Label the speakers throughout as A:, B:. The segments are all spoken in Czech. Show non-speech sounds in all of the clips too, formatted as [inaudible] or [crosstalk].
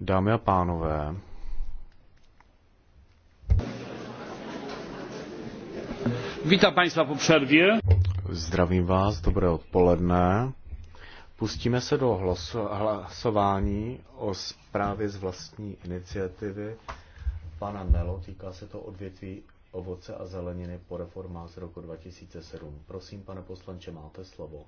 A: Dámy a pánové, Vítám Państwa po przerwie. Zdravím vás, dobré odpoledne. Pustíme se do hlasování o zprávě z vlastní iniciativy pana Melo. Týká se to odvětví ovoce a zeleniny po reformách z roku 2007. Prosím, pane poslanče, máte slovo.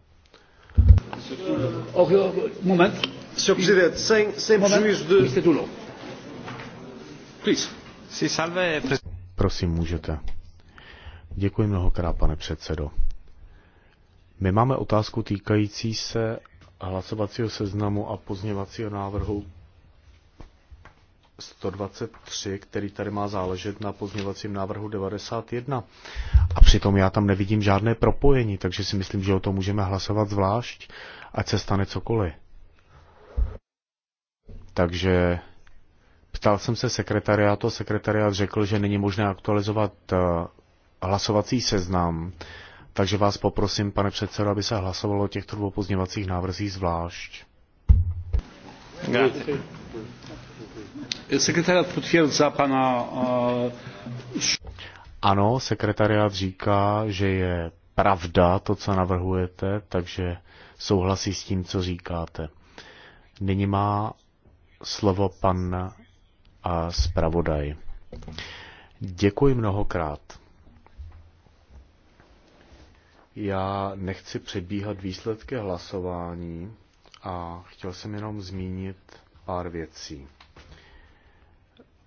B: Oh, oh, moment. Sr. Presidente, sem, sem prejuízo de... Mr. Dulo. Please. Si salve...
A: Prosím, můžete. Děkuji mnohokrát, pane předsedo. My máme otázku týkající se hlasovacího seznamu a pozněvacího návrhu 123, který tady má záležet na pozměvacím návrhu 91. A přitom já tam nevidím žádné propojení, takže si myslím, že o tom můžeme hlasovat zvlášť, ať se stane cokoliv. Takže ptal jsem se sekretariátu, sekretariát řekl, že není možné aktualizovat eh, hlasovací seznam, takže vás poprosím, pane předsedo, aby se hlasovalo o těchto dvou pozměvacích návrzích zvlášť. Grazie. Sekretariat potvrdza pana... E, ano, sekretariát říká, že je pravda to, co navrhujete, takže souhlasí s tím, co říkáte. Nyní má slovo pan a zpravodaj. Děkuji mnohokrát. Já nechci předbíhat výsledky hlasování a chtěl jsem jenom zmínit pár věcí.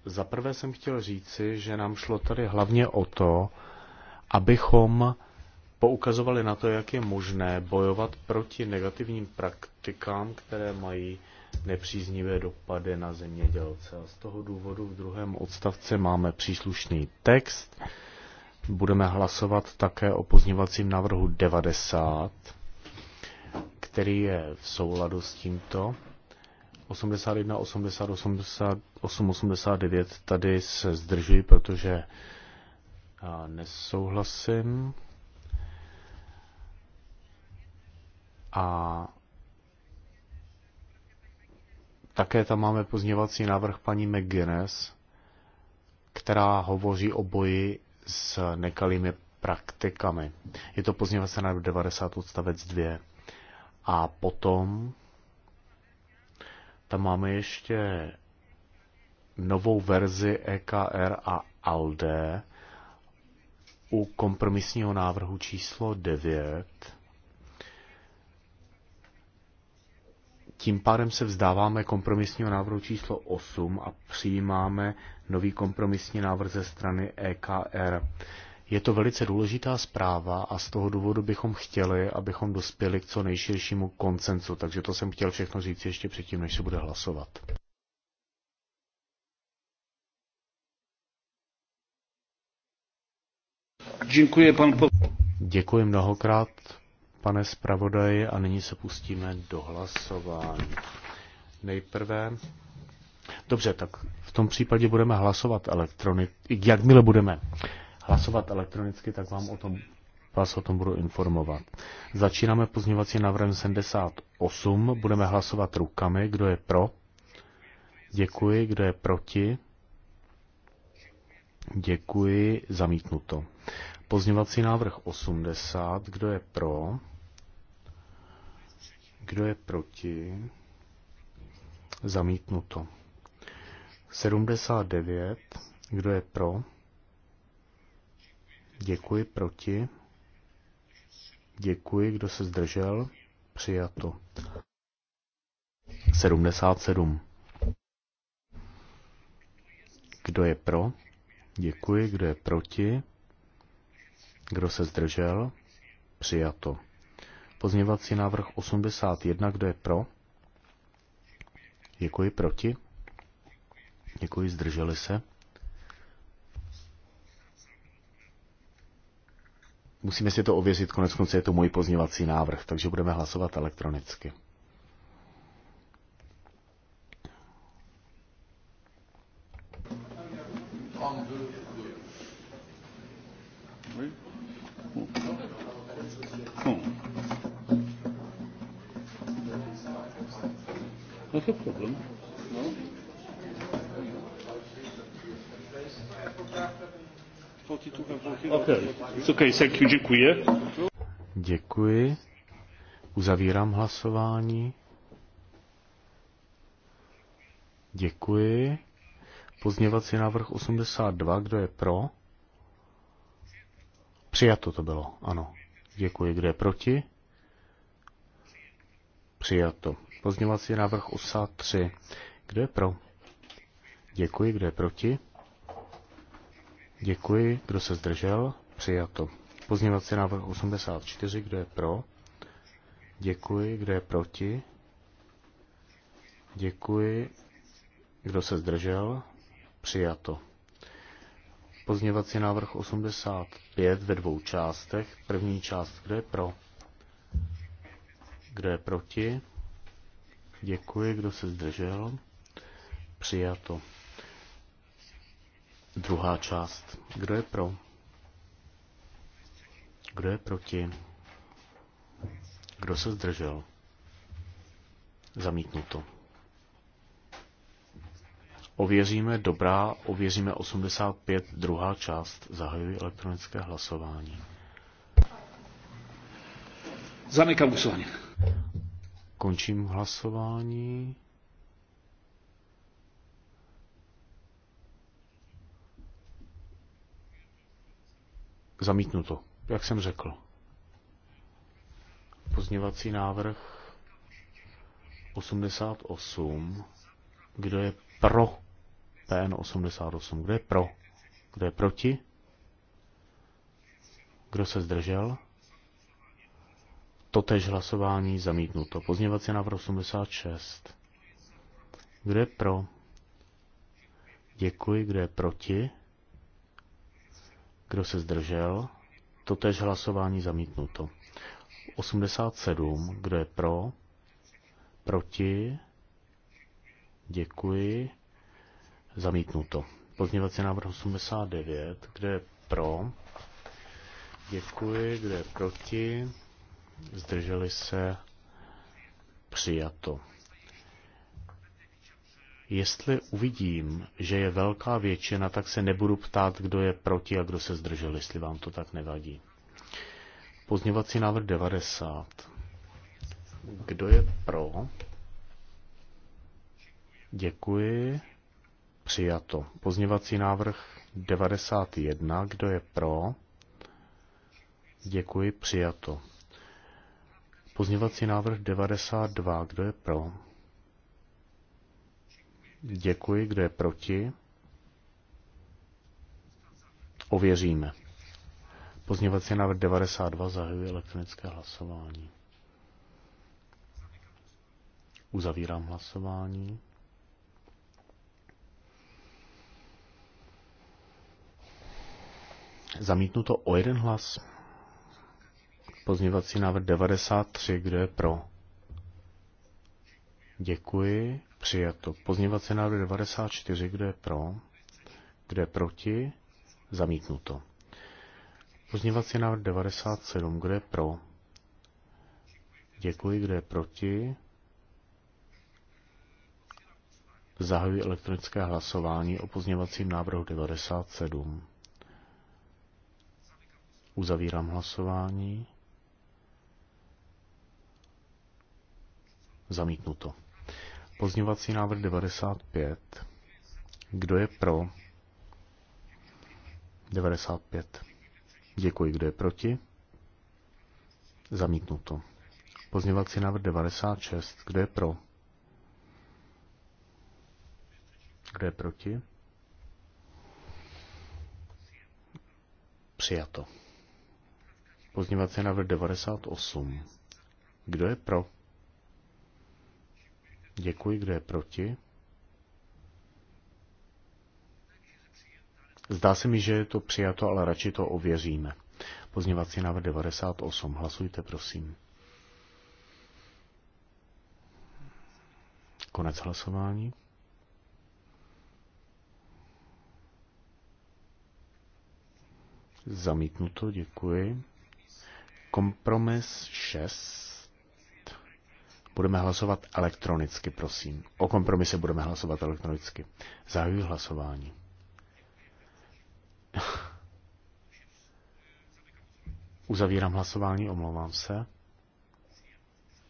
A: Za prvé jsem chtěl říci, že nám šlo tady hlavně o to, abychom poukazovali na to, jak je možné bojovat proti negativním praktikám, které mají nepříznivé dopady na zemědělce. A z toho důvodu v druhém odstavci máme příslušný text. Budeme hlasovat také o pozněvacím návrhu 90, který je v souladu s tímto. 81, 80, 80, 889 tady se zdržuji, protože nesouhlasím. A také tam máme pozněvací návrh paní McGuinness, která hovoří o boji s nekalými praktikami. Je to pozněvací návrh 90 odstavec 2. A potom tam máme ještě novou verzi EKR a ALDE u kompromisního návrhu číslo 9. Tím pádem se vzdáváme kompromisního návrhu číslo 8 a přijímáme nový kompromisní návrh ze strany EKR. Je to velice důležitá zpráva a z toho důvodu bychom chtěli, abychom dospěli k co nejširšímu koncensu, takže to jsem chtěl všechno říct ještě předtím, než se bude hlasovat.
C: Děkuji, pan
A: Děkuji mnohokrát, pane zpravodaji, a nyní se pustíme do hlasování. Nejprve Dobře, tak v tom případě budeme hlasovat elektronicky. Jakmile budeme hlasovat elektronicky, tak vám o tom, vás o tom budu informovat. Začínáme pozměvací návrhem 78. Budeme hlasovat rukami. Kdo je pro? Děkuji. Kdo je proti? Děkuji. Zamítnuto. Pozněvací návrh 80. Kdo je pro? Kdo je proti? Zamítnuto. 79. Kdo je pro? Děkuji. Proti? Děkuji. Kdo se zdržel? Přijato. 77. Kdo je pro? Děkuji. Kdo je proti? Kdo se zdržel? Přijato. Pozněvací návrh 81, kdo je pro? Děkuji, proti? Děkuji, zdrželi se. Musíme si to ověřit, konec konce je to můj pozněvací návrh, takže budeme hlasovat elektronicky.
C: not a problem. No? Okay. Okay, thank you,
A: děkuji. Děkuji. Uzavírám hlasování. Děkuji. Pozněvací návrh 82, kdo je pro? Přijato to bylo, ano. Děkuji, kdo je proti? Přijato. Pozněvací návrh 83. Kdo je pro? Děkuji. Kdo je proti? Děkuji. Kdo se zdržel? Přijato. Pozněvací návrh 84. Kdo je pro? Děkuji. Kdo je proti? Děkuji. Kdo se zdržel? Přijato. Pozněvací návrh 85 ve dvou částech. První část, kdo je pro? Kdo je proti? Děkuji, kdo se zdržel. Přijato. Druhá část. Kdo je pro? Kdo je proti? Kdo se zdržel? Zamítnuto. Ověříme dobrá, ověříme 85, druhá část. Zahajuji elektronické hlasování. Zamykám hlasování. Končím hlasování. Zamítnuto, jak jsem řekl. Pozněvací návrh 88. Kdo je pro PN 88? Kdo je pro? Kdo je proti? Kdo se zdržel? Totež hlasování zamítnuto. Pozněvací návrh 86. Kdo je pro? Děkuji. Kdo je proti? Kdo se zdržel? Totež hlasování zamítnuto. 87. Kdo je pro? Proti? Děkuji. Zamítnuto. Pozněvací návrh 89. Kdo je pro? Děkuji. Kdo je proti? zdrželi se, přijato. Jestli uvidím, že je velká většina, tak se nebudu ptát, kdo je proti a kdo se zdržel, jestli vám to tak nevadí. Pozněvací návrh 90. Kdo je pro? Děkuji. Přijato. Pozněvací návrh 91. Kdo je pro? Děkuji. Přijato. Pozněvací návrh 92. Kdo je pro? Děkuji. Kdo je proti? Ověříme. Pozněvací návrh 92 zahajuje elektronické hlasování. Uzavírám hlasování. Zamítnuto o jeden hlas. Pozměvací návrh 93, kdo je pro? Děkuji, přijato. Pozměvací návrh 94, kdo je pro? Kdo je proti? Zamítnuto. Pozměvací návrh 97, kdo je pro? Děkuji, kdo je proti? Zahajuji elektronické hlasování o pozněvacím návrhu 97. Uzavírám hlasování. Zamítnuto. Pozňovací návrh 95. Kdo je pro? 95. Děkuji. Kdo je proti? Zamítnuto. Pozněvací návrh 96. Kdo je pro? Kdo je proti? Přijato. Pozněvací návrh 98. Kdo je pro? Děkuji, kdo je proti. Zdá se mi, že je to přijato, ale radši to ověříme. Pozněvací návrh 98. Hlasujte, prosím. Konec hlasování. Zamítnuto, děkuji. Kompromis 6. Budeme hlasovat elektronicky, prosím. O kompromise budeme hlasovat elektronicky. Zahajuji hlasování. [laughs] Uzavírám hlasování, omlouvám se.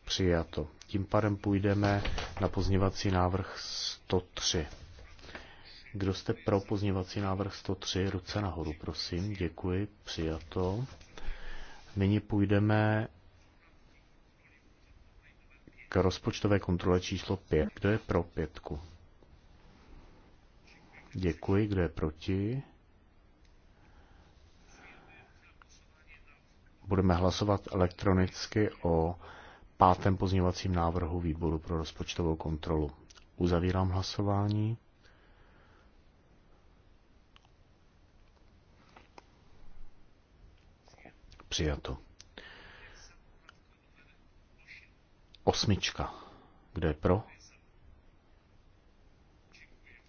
A: Přijato. Tím pádem půjdeme na pozněvací návrh 103. Kdo jste pro pozněvací návrh 103, ruce nahoru, prosím. Děkuji, přijato. Nyní půjdeme k rozpočtové kontrole číslo 5. Kdo je pro pětku? Děkuji. Kdo je proti? Budeme hlasovat elektronicky o pátém pozměňovacím návrhu výboru pro rozpočtovou kontrolu. Uzavírám hlasování. Přijato. Osmička. Kdo je pro?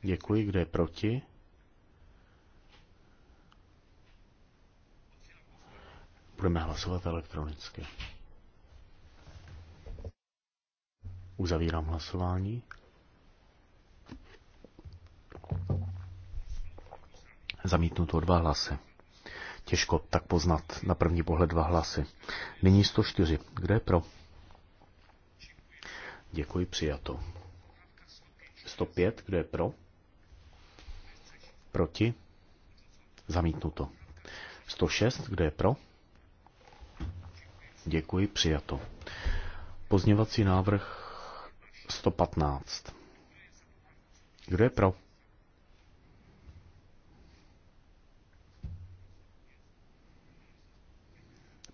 A: Děkuji. Kdo je proti? Budeme hlasovat elektronicky. Uzavírám hlasování. Zamítnuto dva hlasy. Těžko tak poznat na první pohled dva hlasy. Nyní 104. Kde je pro? Děkuji, přijato. 105, kdo je pro? Proti? Zamítnuto. 106, kdo je pro? Děkuji, přijato. Pozněvací návrh 115. Kdo je pro?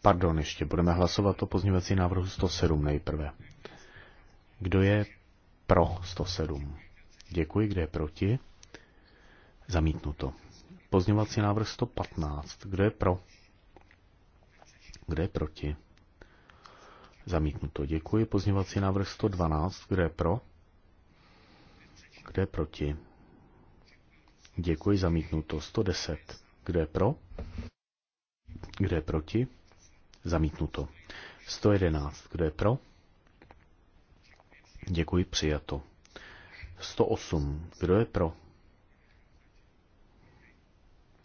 A: Pardon, ještě budeme hlasovat o pozněvací návrhu 107 nejprve. Kdo je pro 107? Děkuji, kde je proti? Zamítnuto. Pozněvací návrh 115. Kdo je pro? Kdo je proti? Zamítnuto. Děkuji. Pozněvací návrh 112. Kdo je pro? Kdo je proti? Děkuji. Zamítnuto. 110. Kdo je pro? Kdo je proti? Zamítnuto. 111. Kdo je pro? Děkuji, přijato. 108. Kdo je pro?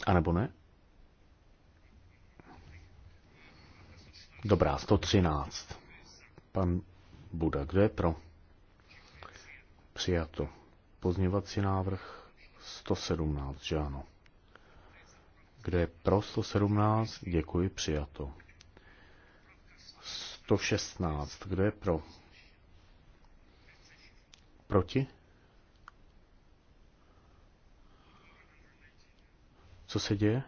A: A nebo ne? Dobrá, 113. Pan Buda, kdo je pro? Přijato. Pozněvací návrh 117, že ano. Kdo je pro 117? Děkuji, přijato. 116. Kdo je pro? Proti? Co se děje?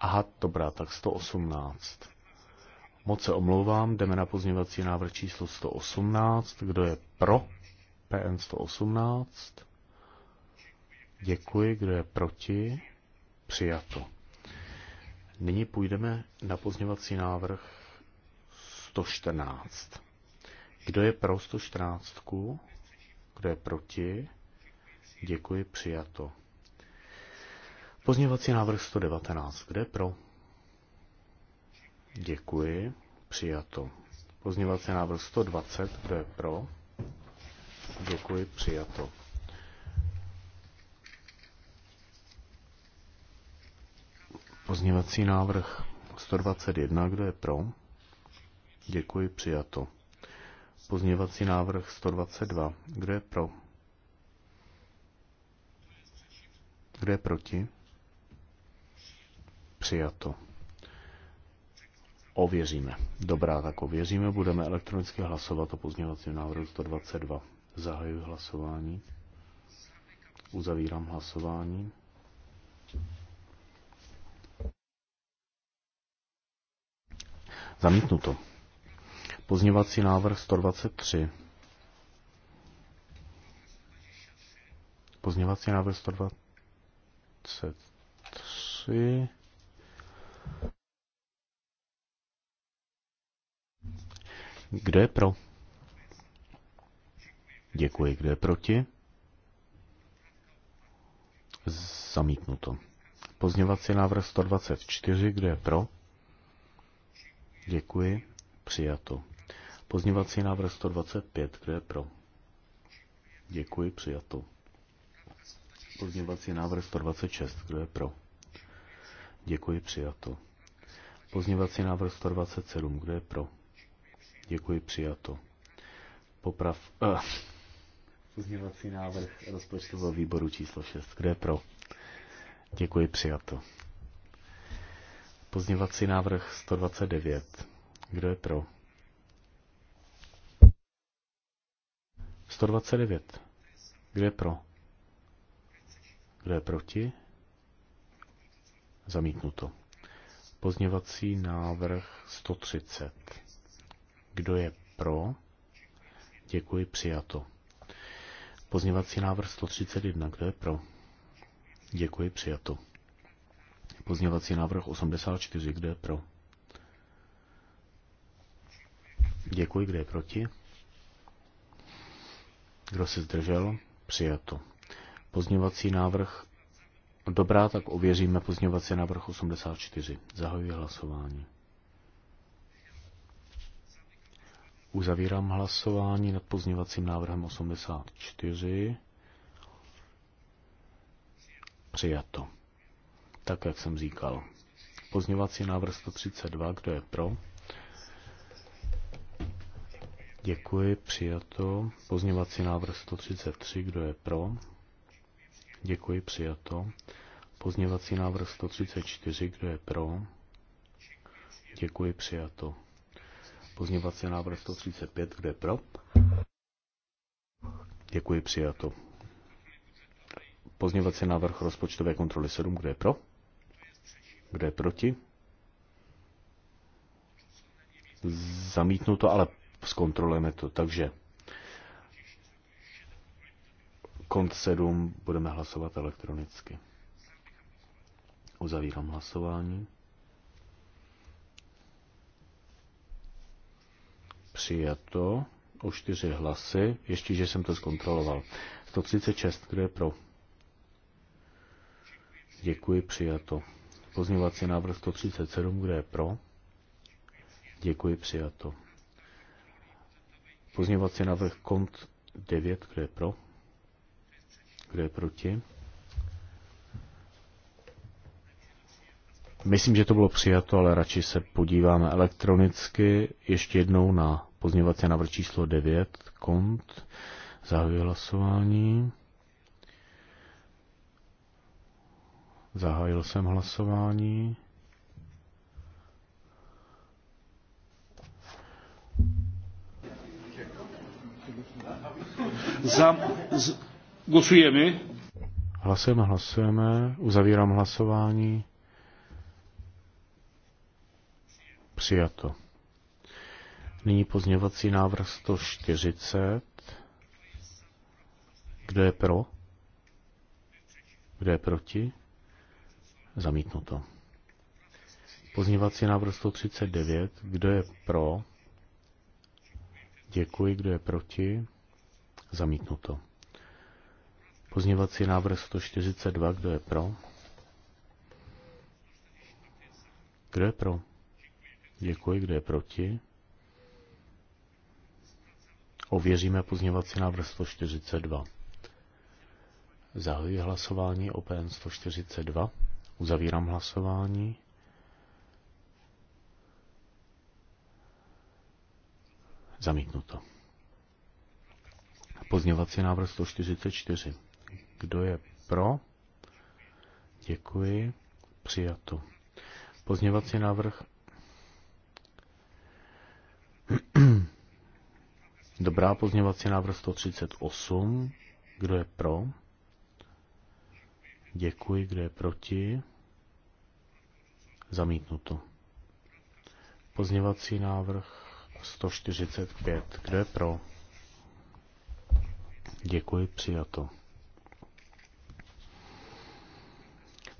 A: Aha, dobrá, tak 118. Moc se omlouvám, jdeme na pozměvací návrh číslo 118. Kdo je pro PN 118? Děkuji, kdo je proti? Přijato. Nyní půjdeme na pozměvací návrh 114. Kdo je pro 114? Kdo je proti? Děkuji, přijato. Pozměvací návrh 119. Kdo je pro? Děkuji. Přijato. Pozměvací návrh 120. Kdo je pro? Děkuji. Přijato. Pozměvací návrh 121. Kdo je pro? Děkuji. Přijato pozměvací návrh 122. Kdo je pro? Kdo je proti? Přijato. Ověříme. Dobrá, tak ověříme. Budeme elektronicky hlasovat o pozměvacím návrhu 122. Zahajuji hlasování. Uzavírám hlasování. Zamítnuto. Pozněvací návrh 123. Pozněvací návrh 123. Kdo je pro? Děkuji. Kdo je proti? Zamítnuto. Pozněvací návrh 124. Kdo je pro? Děkuji. Přijato. Pozněvací návrh 125, kdo je pro? Děkuji, přijato. Pozněvací návrh 126, kdo je pro? Děkuji, přijato. Pozněvací návrh 127, kdo je pro? Děkuji, přijato. Poprav... Uh. Pozněvací návrh rozpočtového výboru číslo 6, kdo je pro? Děkuji, přijato. Pozněvací návrh 129, kdo je pro? 129. Kdo je pro? Kdo je proti? Zamítnuto. Pozněvací návrh 130. Kdo je pro? Děkuji, přijato. Pozněvací návrh 131. Kdo je pro? Děkuji, přijato. Pozněvací návrh 84. Kdo je pro? Děkuji, kdo je proti? Kdo se zdržel? Přijato. Pozněvací návrh. Dobrá, tak ověříme pozněvací návrh 84. Zahajuji hlasování. Uzavírám hlasování nad pozněvacím návrhem 84. Přijato. Tak, jak jsem říkal. Pozněvací návrh 132. Kdo je pro? Děkuji, přijato. Pozněvací návrh 133, kdo je pro? Děkuji, přijato. Pozněvací návrh 134, kdo je pro? Děkuji, přijato. Pozněvací návrh 135, kdo je pro? Děkuji, přijato. Pozněvací návrh rozpočtové kontroly 7, kdo je pro? Kdo je proti? Zamítnuto, ale zkontrolujeme to. Takže kont 7 budeme hlasovat elektronicky. Uzavírám hlasování. Přijato o čtyři hlasy, ještě, že jsem to zkontroloval. 136, kdo je pro? Děkuji, přijato. Pozměňovací návrh 137, kdo je pro? Děkuji, přijato. Pozměňovací návrh kont 9, kdo je pro? Kdo je proti? Myslím, že to bylo přijato, ale radši se podíváme elektronicky. Ještě jednou na pozměňovací návrh číslo 9, kont. Zahajuji hlasování. Zahájil jsem hlasování. Za, z, głosujemy. Hlasujeme, hlasujeme. Uzavírám hlasování. Přijato. Nyní pozměvací návrh 140. Kdo je pro? Kdo je proti? Zamítnuto. Pozměvací návrh 139. Kdo je pro? Děkuji. Kdo je proti? Zamítnuto. Pozněvací návrh 142, kdo je pro? Kdo je pro? Děkuji, kdo je proti? Ověříme pozněvací návrh 142. Zahajuji hlasování o PN 142. Uzavírám hlasování. Zamítnuto pozněvací návrh 144. Kdo je pro? Děkuji. Přijato. Pozněvací návrh. Dobrá, pozněvací návrh 138. Kdo je pro? Děkuji. Kdo je proti? Zamítnuto. Pozněvací návrh 145. Kdo je pro? Děkuji, přijato.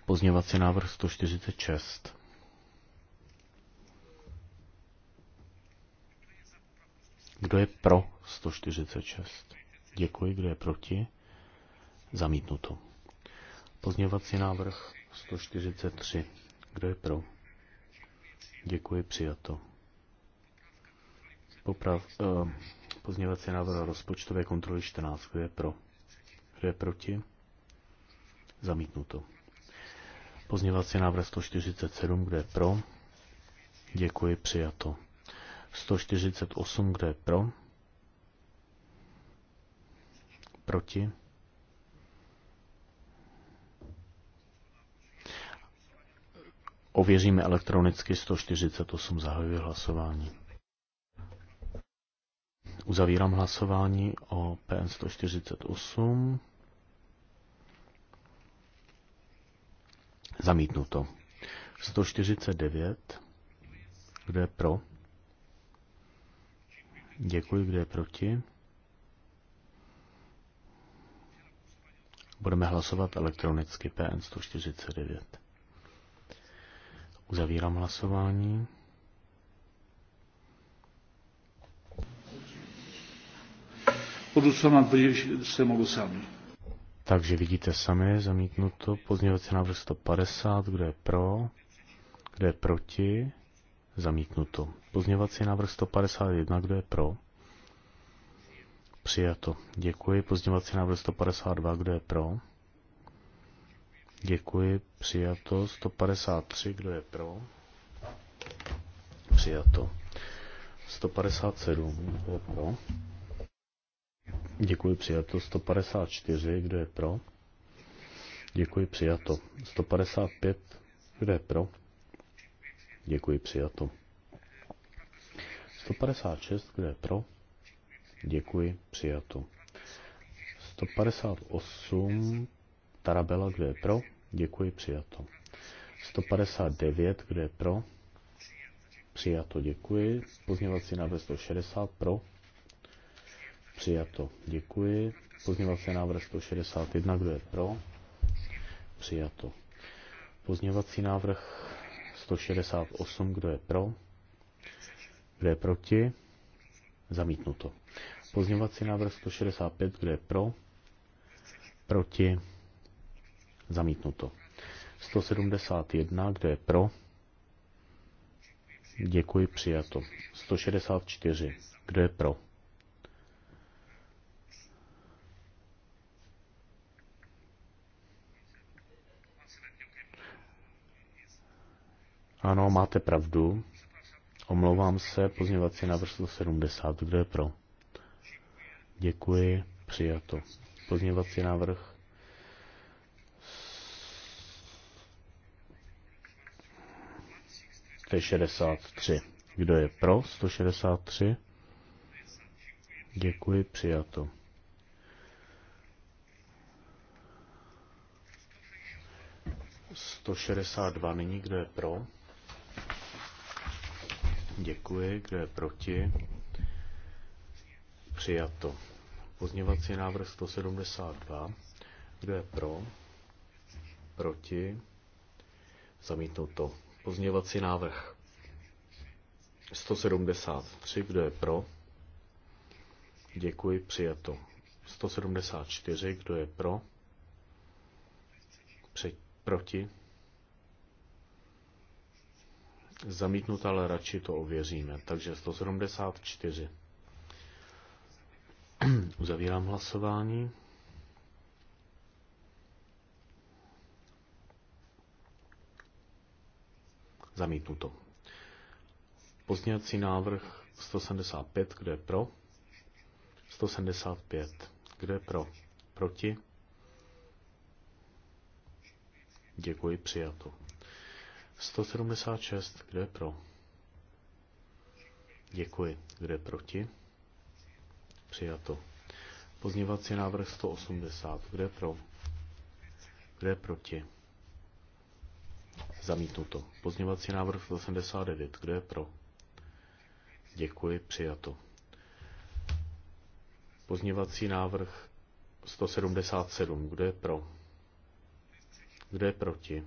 A: Pozněvací návrh 146. Kdo je pro 146? Děkuji. Kdo je proti? Zamítnuto. Pozněvací návrh 143. Kdo je pro? Děkuji. Přijato. Poprav, eh, Pozměňovací návrh rozpočtové kontroly 14. Kdo je pro? Kdo je proti? Zamítnuto. Pozměňovací návrh 147. Kdo je pro? Děkuji, přijato. 148. Kdo je pro? Proti? Ověříme elektronicky 148. Zahajuji hlasování. Uzavírám hlasování o PN148. Zamítnuto. 149. Kdo je pro? Děkuji, kdo je proti? Budeme hlasovat elektronicky PN 149. Uzavírám hlasování. se 20 sami. Takže vidíte sami, zamítnuto. Pozměňovací návrh 150, kdo je pro, kdo je proti, zamítnuto. Pozměňovací návrh 151, kdo je pro, přijato. Děkuji. Pozměňovací návrh 152, kdo je pro, děkuji. Přijato. 153, kdo je pro, přijato. 157, kdo je pro Děkuji, přijato 154, kdo je pro? Děkuji, přijato 155, kdo je pro? Děkuji, přijato 156, kdo je pro? Děkuji, přijato 158, Tarabela, kdo je pro? Děkuji, přijato 159, kdo je pro? Přijato, děkuji. Pozměňovací návrh 160 pro. Přijato. Děkuji. Pozměňovací návrh 161. Kdo je pro? Přijato. Pozměňovací návrh 168. Kdo je pro? Kdo je proti? Zamítnuto. Pozměňovací návrh 165. Kdo je pro? Proti? Zamítnuto. 171. Kdo je pro? Děkuji, přijato. 164. Kdo je pro? Ano, máte pravdu. Omlouvám se, pozměvací návrh 170, kdo je pro? Děkuji, přijato. Pozměvací návrh to je 63. Kdo je pro 163? Děkuji, přijato. Sto šedesát dva nyní, kdo je pro? Děkuji. Kdo je proti? Přijato. Pozněvací návrh 172. Kdo je pro? Proti? Zamítnuto. Pozněvací návrh 173. Kdo je pro? Děkuji. Přijato. 174. Kdo je pro? Při, proti? Zamítnut, ale radši to ověříme. Takže 174. [clears throat] Uzavírám hlasování. Zamítnuto. Pozněcí návrh 175, kde je pro? 175, kde je pro? Proti? Děkuji, přijato. 176. Kdo je pro? Děkuji. Kdo je proti? Přijato. Pozněvací návrh 180. Kdo je pro? Kdo je proti? Zamítnuto. Pozněvací návrh 189. Kdo je pro? Děkuji. Přijato. Pozněvací návrh 177. Kdo je pro? Kdo je proti?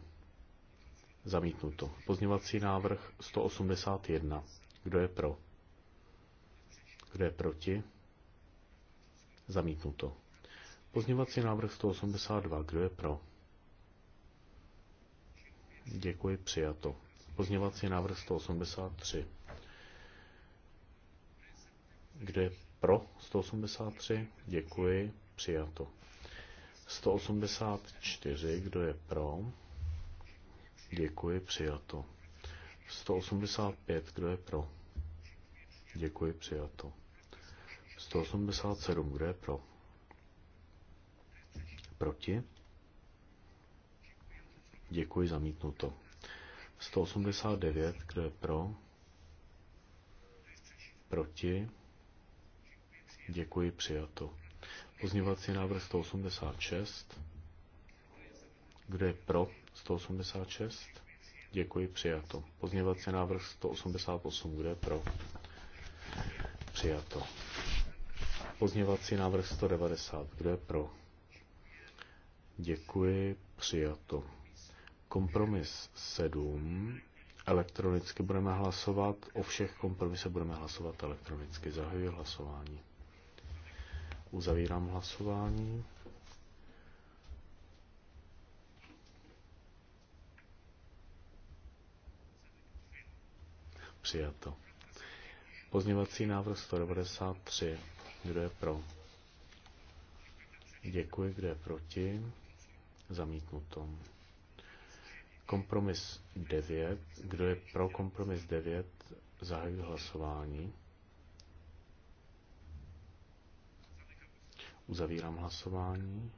A: Zamítnuto. Pozněvací návrh 181. Kdo je pro? Kdo je proti? Zamítnuto. Pozněvací návrh 182. Kdo je pro? Děkuji, přijato. Pozněvací návrh 183. Kdo je pro 183? Děkuji, přijato. 184. Kdo je pro? Děkuji, přijato. 185, kdo je pro? Děkuji, přijato. 187, kdo je pro? Proti? Děkuji, zamítnuto. 189, kdo je pro? Proti? Děkuji, přijato. Pozněvací návrh 186. Kdo je pro? 186. Děkuji, přijato. Pozměvací návrh 188 bude pro. Přijato. Pozměvací návrh 190 bude pro. Děkuji, přijato. Kompromis 7. Elektronicky budeme hlasovat. O všech kompromisech budeme hlasovat elektronicky. Zahajuji hlasování. Uzavírám hlasování. Přijato. Pozněvací návrh 193. Kdo je pro? Děkuji. Kdo je proti? Zamítnuto. Kompromis 9. Kdo je pro kompromis 9? Zahajuji hlasování. Uzavírám hlasování.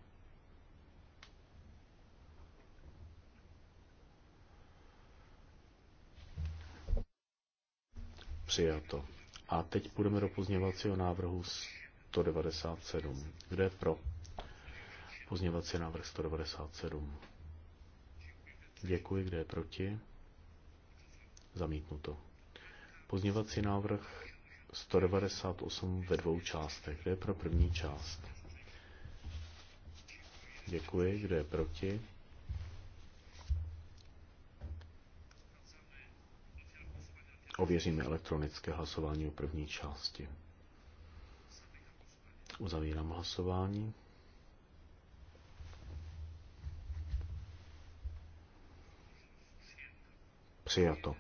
A: Přijato. A teď půjdeme do pozněvacího návrhu 197. Kdo je pro? Pozněvací návrh 197. Děkuji. Kdo je proti? Zamítnuto. Pozněvací návrh 198 ve dvou částech. Kdo je pro první část? Děkuji. Kdo je proti? ověříme elektronické hlasování o první části. Uzavírám hlasování. Přijato.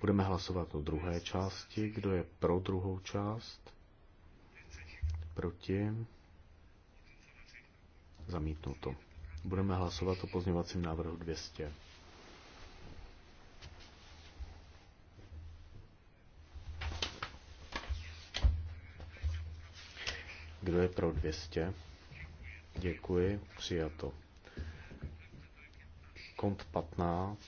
A: Budeme hlasovat o druhé části. Kdo je pro druhou část? Proti? Zamítnuto. Budeme hlasovat o pozměňovacím návrhu 200. Kdo je pro 200? Děkuji, přijato. Kont 15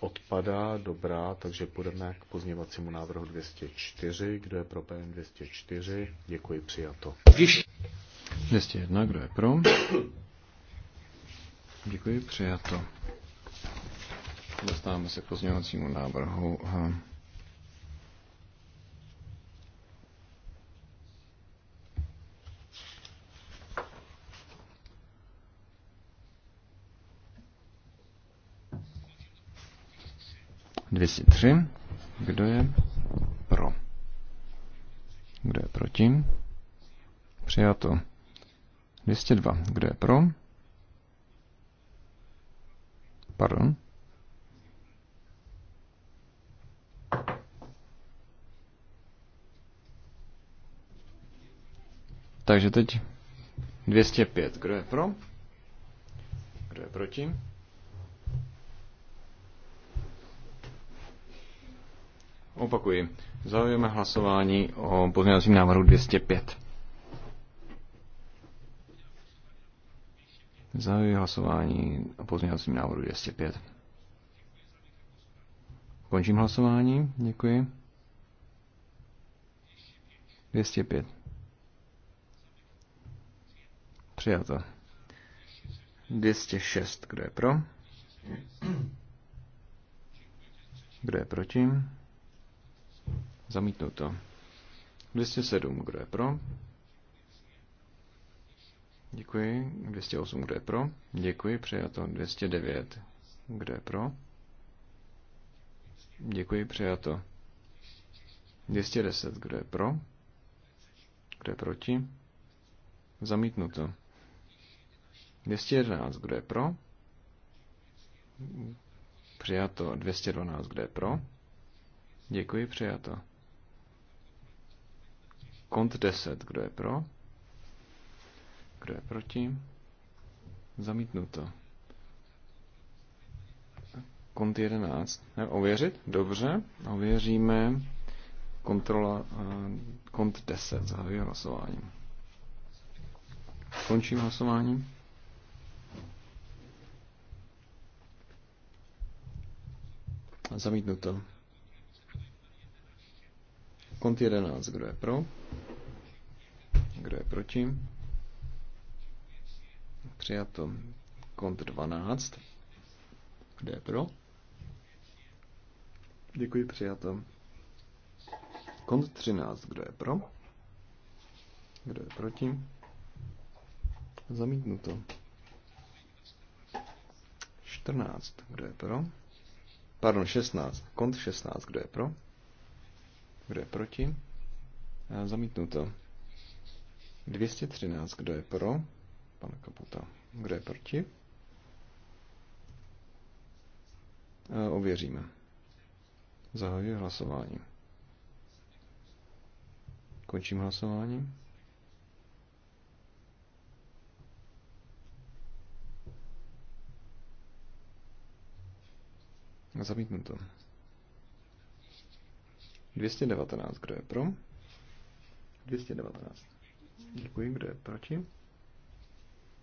A: odpadá, dobrá, takže půjdeme k pozněvacímu návrhu 204. Kdo je pro PN 204? Děkuji, přijato.
C: 201, kdo je pro? Děkuji, přijato. Dostáváme se k pozněvacímu návrhu. Aha. Eh, 203. Kdo je pro? Kdo je proti? Přijato. 202. Kdo je pro? Pardon. Takže teď 205. Kdo je pro? Kdo je proti? Opakuji. Zahajujeme hlasování o pozměňovacím návrhu 205. Zahajuji hlasování o pozměňovacím návrhu 205. Končím hlasování. Děkuji. 205. Přijato. 206. Kdo je pro? Kdo je proti? Zamítnuto. 207, kdo je pro? Děkuji. 208, kdo je pro? Děkuji, přijato. 209, kdo je pro? Děkuji, přijato. 210, kdo je pro? Kdo je proti? Zamítnuto. 211, kdo je pro? Přijato. 212, kdo je pro? Děkuji, přijato. Kont 10. Kdo je pro? Kdo je proti? Zamítnuto. Kont 11. Ne, ověřit? Dobře. Ověříme. Kontrola uh, kont 10. Zahajuji hlasování. Končím hlasování. Zamítnuto. Kont 11. Kdo je pro? Kdo je proti? Přijato. Kont 12. Kdo je pro? Děkuji, přijato. Kont 13. Kdo je pro? Kdo je proti? Zamítnuto. 14. Kdo je pro? Pardon, 16. Kont 16. Kdo je pro? Kdo je proti? Zamítnuto. 213, kdo je pro? Pan Kaputa. Kdo je proti? A e, ověříme. Zahajuji hlasování. Končím hlasování. to. 219, kdo je pro? 219. Děkuji, kde je proti?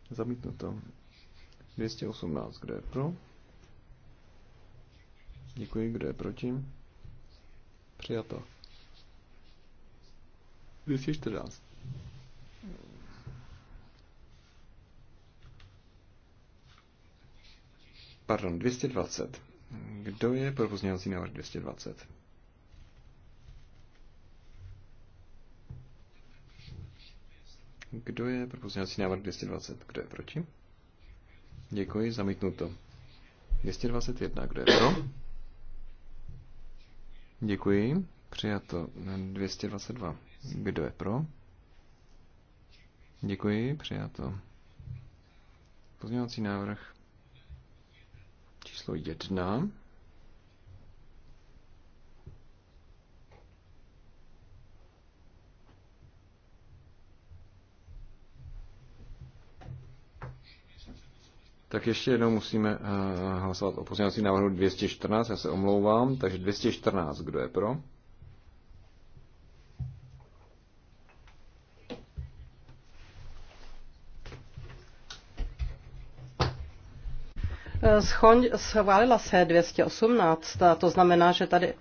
C: Zamítnuto. 218, kde je pro? Děkuji, kde je proti? Přijato. 214. Pardon, 220. Kdo je pro pozměňovací návrh 220? Kdo je pro pozměňovací návrh 220? Kdo je proti? Děkuji, zamítnuto. 221, kdo je pro? Děkuji, přijato. 222, kdo je pro? Děkuji, přijato. Pozměňovací návrh číslo 1. Tak ještě jednou musíme eh, hlasovat o pozměňovacím návrhu 214, já se omlouvám, takže 214, kdo je pro?
B: Eh, schválila se 218, to znamená, že tady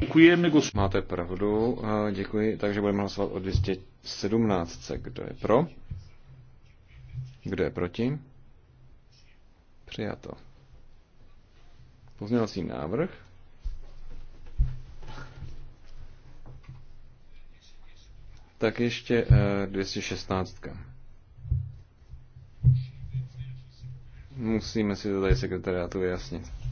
C: Děkujeme, Máte pravdu, eh, děkuji. Takže budeme hlasovat o 217. Kdo je pro? Kdo je proti? Přijato. Pozměňovací návrh. Tak ještě 216. Eh, Musíme si to tady sekretariátu vyjasnit.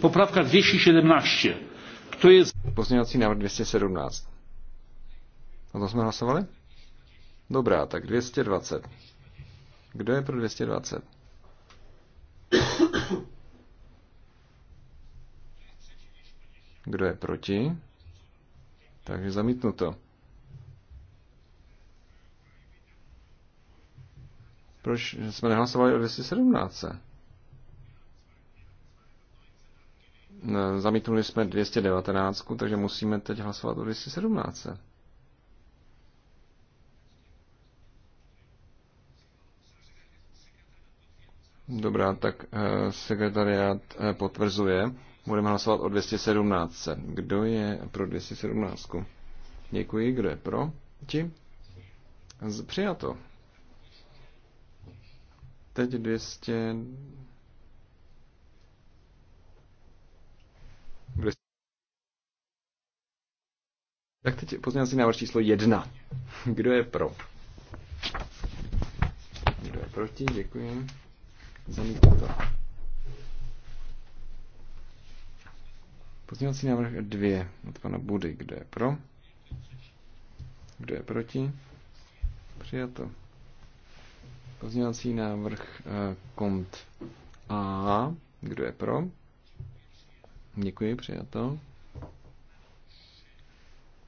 C: Poprawka 217. Kto jest... Pozměňovací návrh 217. O to jsme hlasovali? Dobrá, tak 220. Kdo je pro 220? Kdo je proti? Takže zamítnuto. Proč jsme nehlasovali o 217? Zamítnuli jsme 219, takže musíme teď hlasovat o 217. Dobrá, tak eh, sekretariát eh, potvrzuje. Budeme hlasovat o 217. Kdo je pro 217? Děkuji. Kdo je pro? Ti? Přijato. Teď 200... Tak teď si návrh číslo jedna. Kdo je pro? Kdo je proti? Děkuji. Zamítnuto. si návrh dvě od pana Budy. Kdo je pro? Kdo je proti? Přijato. Pozměňovací návrh eh, kont A. Kdo je pro? Děkuji, přijato.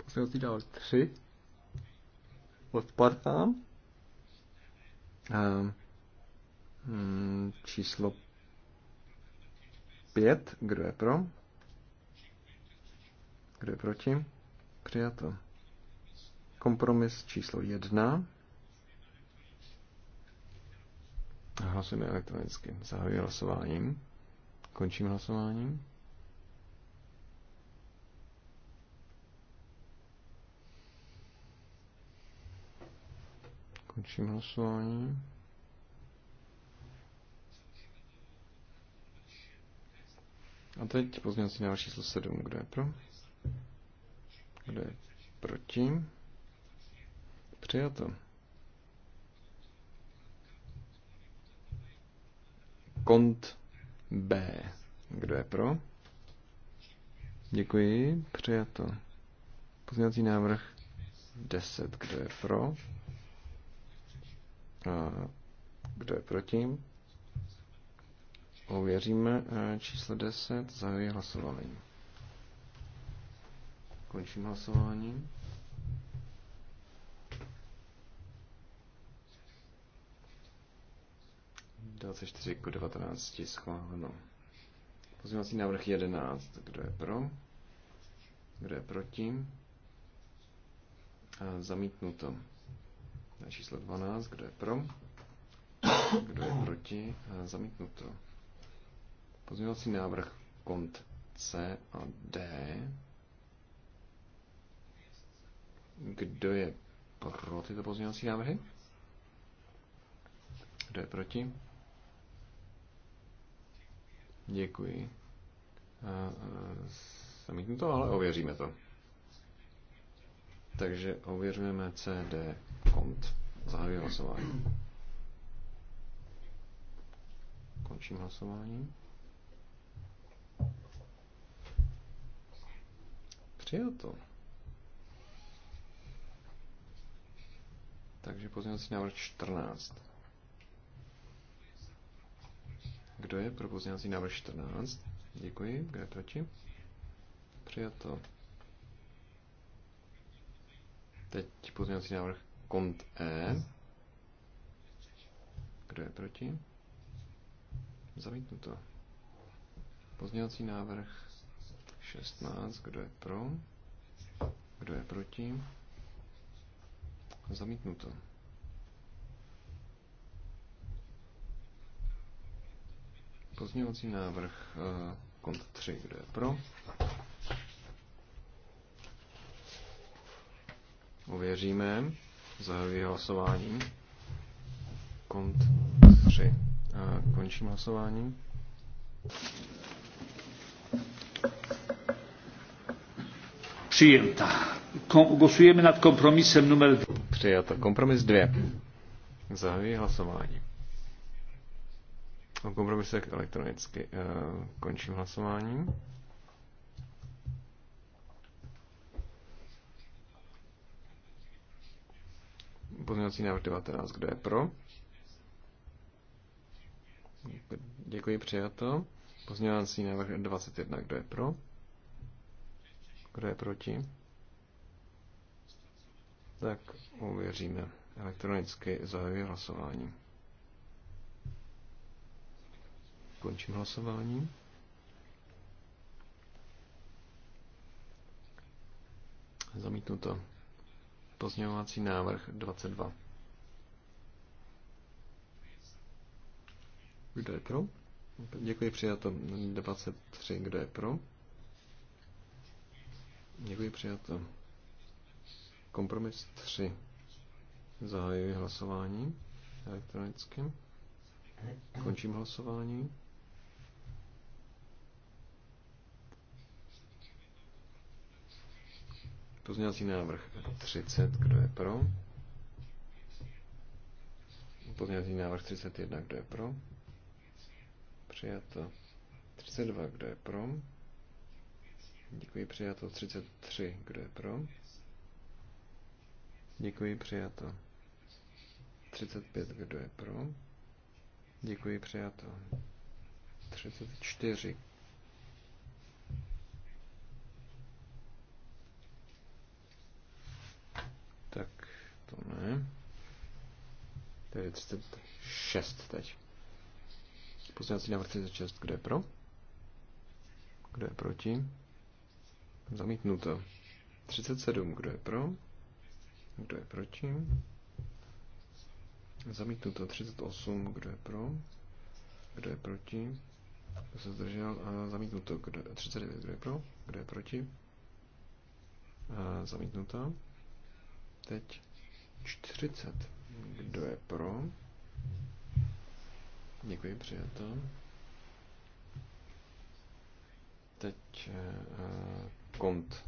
C: Pozměňovací návrh 3. Odpadá. Eh, hm, číslo 5. Kdo je pro? Kdo je proti? Přijato. Kompromis číslo 1. Hlasujeme elektronicky. Zahajuji hlasováním. Končím hlasováním. Končím hlasování. A teď pozměňovací návrh číslo 7. Kdo je pro? Kdo je proti? Přijato. Kont B. Kdo je pro? Děkuji, přijato. Pozměňovací návrh 10. Kdo je pro? A kdo je proti? Ověříme číslo 10. Zahajuji hlasování. Končím hlasování. 24 k 19 schváleno. Pozměňovací návrh 11. Kdo je pro? Kdo je proti? A zamítnuto. Na číslo 12. Kdo je pro? Kdo je proti? A zamítnuto. Pozměňovací návrh kont C a D. Kdo je pro tyto pozměňovací návrhy? Kdo je proti? Děkuji. Zamítnu to, ale ověříme to. Takže ověřujeme CD kont. Zahajuji hlasování. Končím hlasování. Přijato. Takže pozměňovací návrh 14. Kdo je pro pozměňovací návrh 14? Děkuji. Kdo je proti? Přijato. Teď pozměňovací návrh kont E. Kdo je proti? Zamítnuto. Pozměňovací návrh 16. Kdo je pro? Kdo je proti? Zamítnuto. Pozměňovací návrh eh, kont 3, kdo je pro? Ověříme. Zahajuji hlasování. Kont 3. Eh, končím hlasování. Přijemta. Kom- głosujemy nad kompromisem numer 2. Přijata. Kompromis 2. Zahajuji hlasování o kompromisech elektronicky. Eh, končím hlasování. Pozměňovací návrh 19, kdo je pro? Děkuji, přijato. Pozměňovací návrh 21, kdo je pro? Kdo je proti? Tak uvěříme. Elektronicky zahajuje hlasování. Končím hlasování. Zamítnuto. Pozměňovací návrh 22. Kdo je pro? Děkuji, přijato 23. Kdo je pro? Děkuji, přijato. Kompromis 3. Zahajuji hlasování elektronicky. Končím hlasování. Pozměňovací návrh 30, kdo je pro? Pozměňovací návrh 31, kdo je pro? Přijato. 32, kdo je pro? Děkuji, přijato. 33, kdo je pro? Děkuji, přijato. 35, kdo je pro? Děkuji, přijato. 34, Tak to ne. To je 36 teď. Pozměňovací návrh 36, kdo je pro? Kdo je proti? Zamítnuto. 37, kdo je pro? Kdo je proti? Zamítnuto. 38, kdo je pro? Kdo je proti? Kdo se zdržel? A zamítnuto. Kdo, 39, kdo je pro? Kdo je proti? A zamítnuto. Teď 40. Kdo je pro? Děkuji, přijato. Teď uh, kont.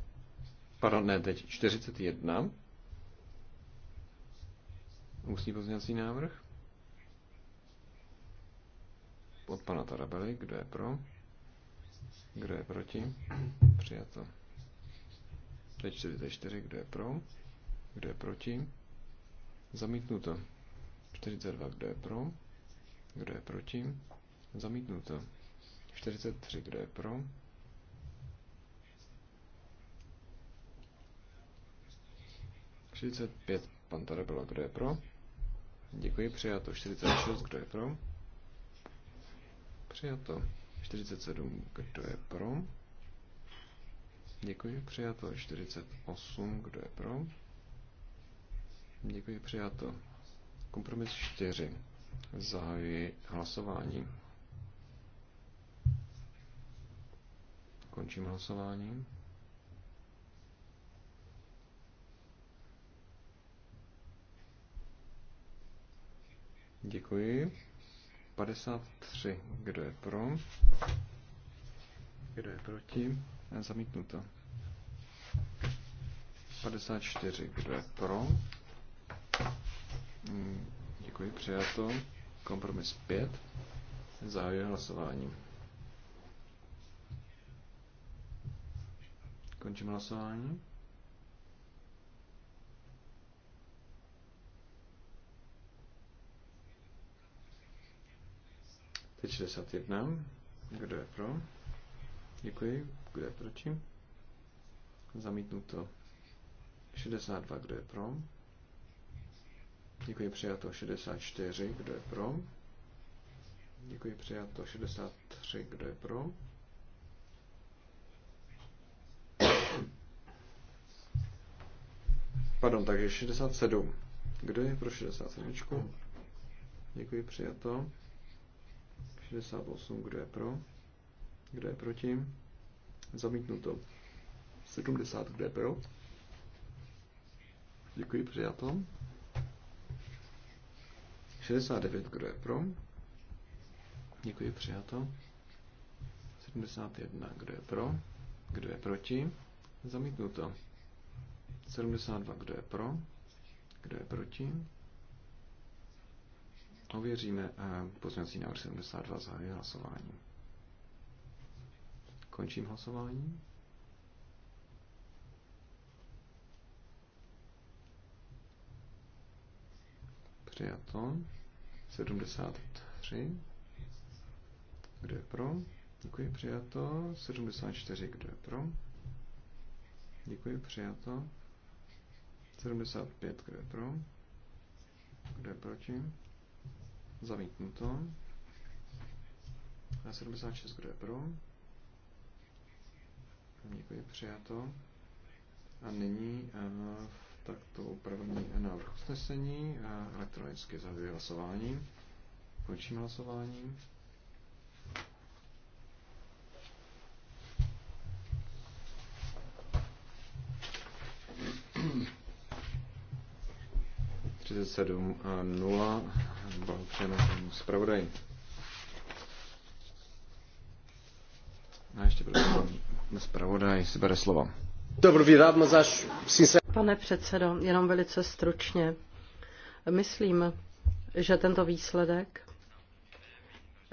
C: Pardon, ne, teď 41. Ústní pozměňovací návrh. Od pana Tarabely, kdo je pro? Kdo je proti? Přijato. Teď 44, kdo je pro? Kdo je proti? Zamítnuto. 42. Kdo je pro? Kdo je proti? Zamítnuto. 43. Kdo je pro? Čtyřicet pět. Pan Tarabela, kdo je pro? Děkuji, přijato. 46, kdo je pro? Přijato. 47, kdo je pro? Děkuji, přijato. 48, kdo je pro? Děkuji, přijato. Kompromis 4. Zahajuji hlasování. Končím hlasování. Děkuji. 53. Kdo je pro? Kdo je proti? Zamítnuto. 54. Kdo je pro? Hmm, děkuji, přijato. Kompromis 5. Zahajuji hlasování. Končím hlasování. Teď 61. Kdo je pro? Děkuji. Kdo je proti? Zamítnuto. 62. Kdo je pro? Děkuji přijato 64, kdo je pro. Děkuji přijato 63, kdo je pro. Pardon, takže 67. Kdo je pro 67? Děkuji, přijato. 68, kdo je pro? Kdo je proti? Zamítnuto. 70, kdo je pro? Děkuji, přijato. 69, kdo je pro? Děkuji, přijato. 71, kdo je pro? Kdo je proti? Zamítnuto. 72, kdo je pro? Kdo je proti? Ověříme eh, pozměnací návrh 72 zahájí hlasování. Končím hlasování. Přijato. 73. Kdo je pro? Děkuji, přijato. 74. Kdo je pro? Děkuji, přijato. 75. Kdo je pro? Kdo je proti? Zamítnuto. A 76. Kdo je pro? Děkuji, přijato. A nyní v eh, tak to první návrh usnesení, e, elektronické zahajuji hlasování, končím hlasování. Třicet 0 a e, nula, blahopřejeme panu zpravodaji. A ještě prosím, zpravodaj si bere slova.
B: Pane předsedo, jenom velice stručně. Myslím, že tento výsledek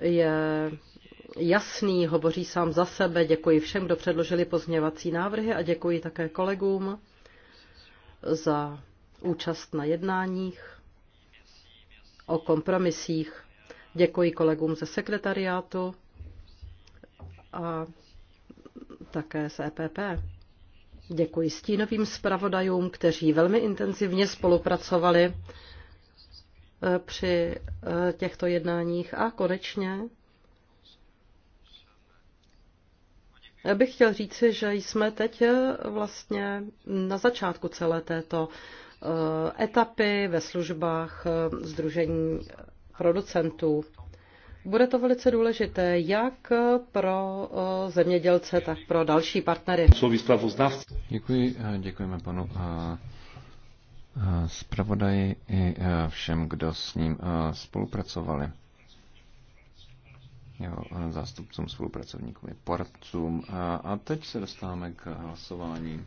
B: je jasný, hovoří sám za sebe. Děkuji všem, kdo předložili pozměvací návrhy a děkuji také kolegům za účast na jednáních o kompromisích. Děkuji kolegům ze sekretariátu a také z EPP. Děkuji stínovým zpravodajům, kteří velmi intenzivně spolupracovali eh, při eh, těchto jednáních a konečně bych chtěl říci, že jsme teď eh, vlastně na začátku celé této etapy ve službách Združení producentů. Bude to velice důležité jak pro eh, zemědělce, tak pro další partnery.
C: Děkuji, eh, děkujeme panu eh, zpravodaji i všem, kdo s ním spolupracovali. Jeho zástupcům, spolupracovníkům i poradcům. A teď se dostáváme k hlasování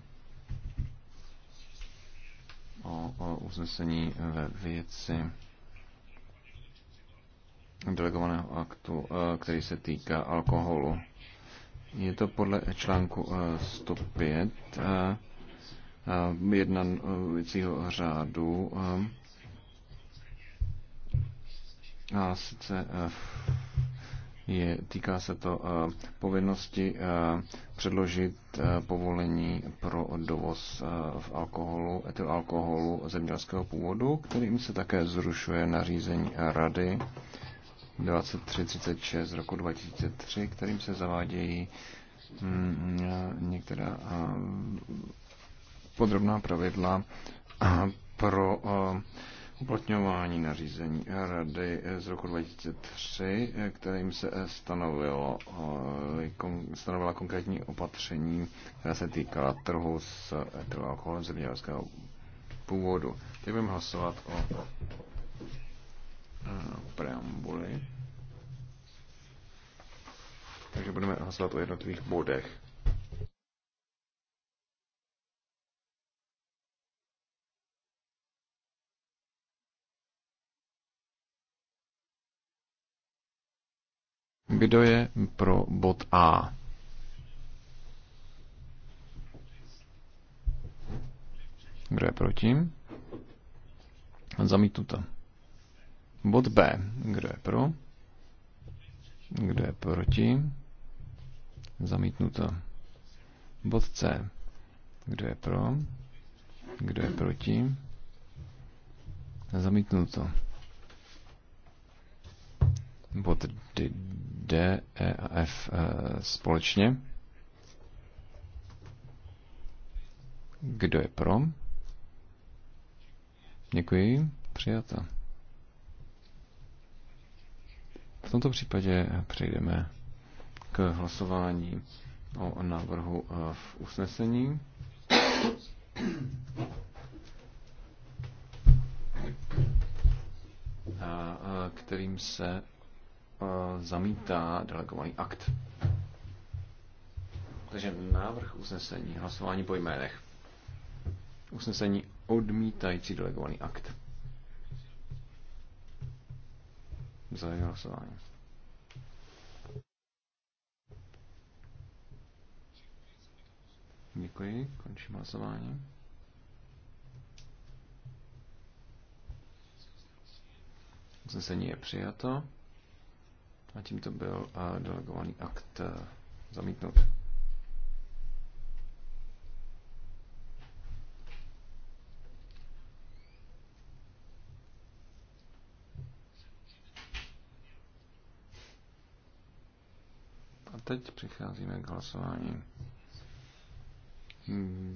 C: o, o usnesení ve věci delegovaného aktu, eh, který se týká alkoholu. Je to podle článku 105 eh, eh, jednacího řádu a sice je, týká se to povinnosti předložit povolení pro dovoz v alkoholu, alkoholu zemědělského původu, kterým se také zrušuje nařízení Rady 2336 z roku 2003, kterým se zavádějí mm, některá podrobná pravidla pro uplatňování nařízení Rady z roku 2003, kterým se stanovilo, stanovila konkrétní opatření, která se týkala trhu s etylalkoholem zemědělského původu. Teď budeme hlasovat o Eh, preambuly. Takže budeme hlasovat o jednotlivých bodech. Kdo je pro bod A? Kdo je proti? Zamítnuto. Bod B. Kdo je pro? Kdo je proti? Zamítnuto. Bod C. Kdo je pro? Kdo je proti? Zamítnuto. Bod D, D E a F e, společně. Kdo je pro? Děkuji. Přijata. V tomto případě přejdeme k hlasování o návrhu eh, v usnesení. Eh, kterým se eh, zamítá delegovaný akt. Takže návrh usnesení, hlasování po jménech. Usnesení odmítající delegovaný akt. Zahajuji hlasování. Děkuji, končím hlasování. Znesení je přijato a tímto byl eh, delegovaný akt eh, zamítnut. teď přicházíme k hlasování.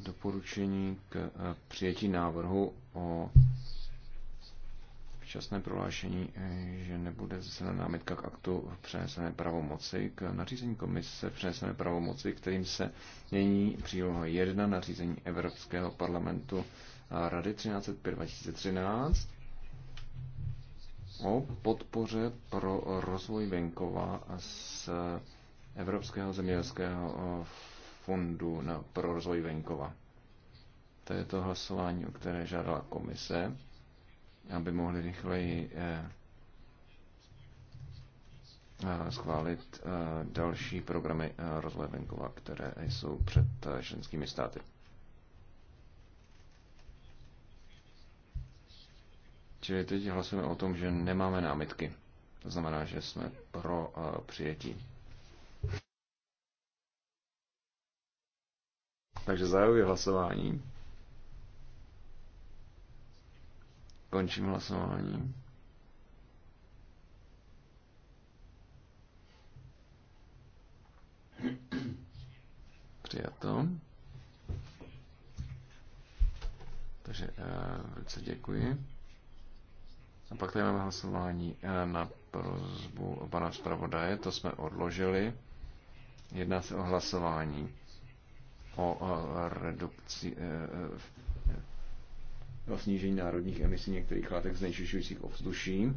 C: Doporučení k eh, přijetí návrhu o včasné prohlášení, eh, že nebude zase námitka k aktu přenesené pravomoci, k nařízení komise přenesené pravomoci, kterým se mění příloha 1 nařízení Evropského parlamentu a Rady 1305 2013 o podpoře pro rozvoj venkova s Evropského zemědělského eh, fondu na, pro rozvoj venkova. To je to hlasování, o které žádala komise, aby mohli rychleji eh, eh, schválit další programy rozvoje venkova, které jsou před členskými státy. Čili teď hlasujeme o tom, že nemáme námitky. To znamená, že jsme pro přijetí. Takže zahajuji hlasování. Končím hlasování. Přijato. Takže uh, velice děkuji. A pak tady máme hlasování eh, na prozbu pana zpravodaje, to jsme odložili. Jedná se o hlasování o redukci e, e, o snížení národních emisí některých látek znečišťujících ovzduší.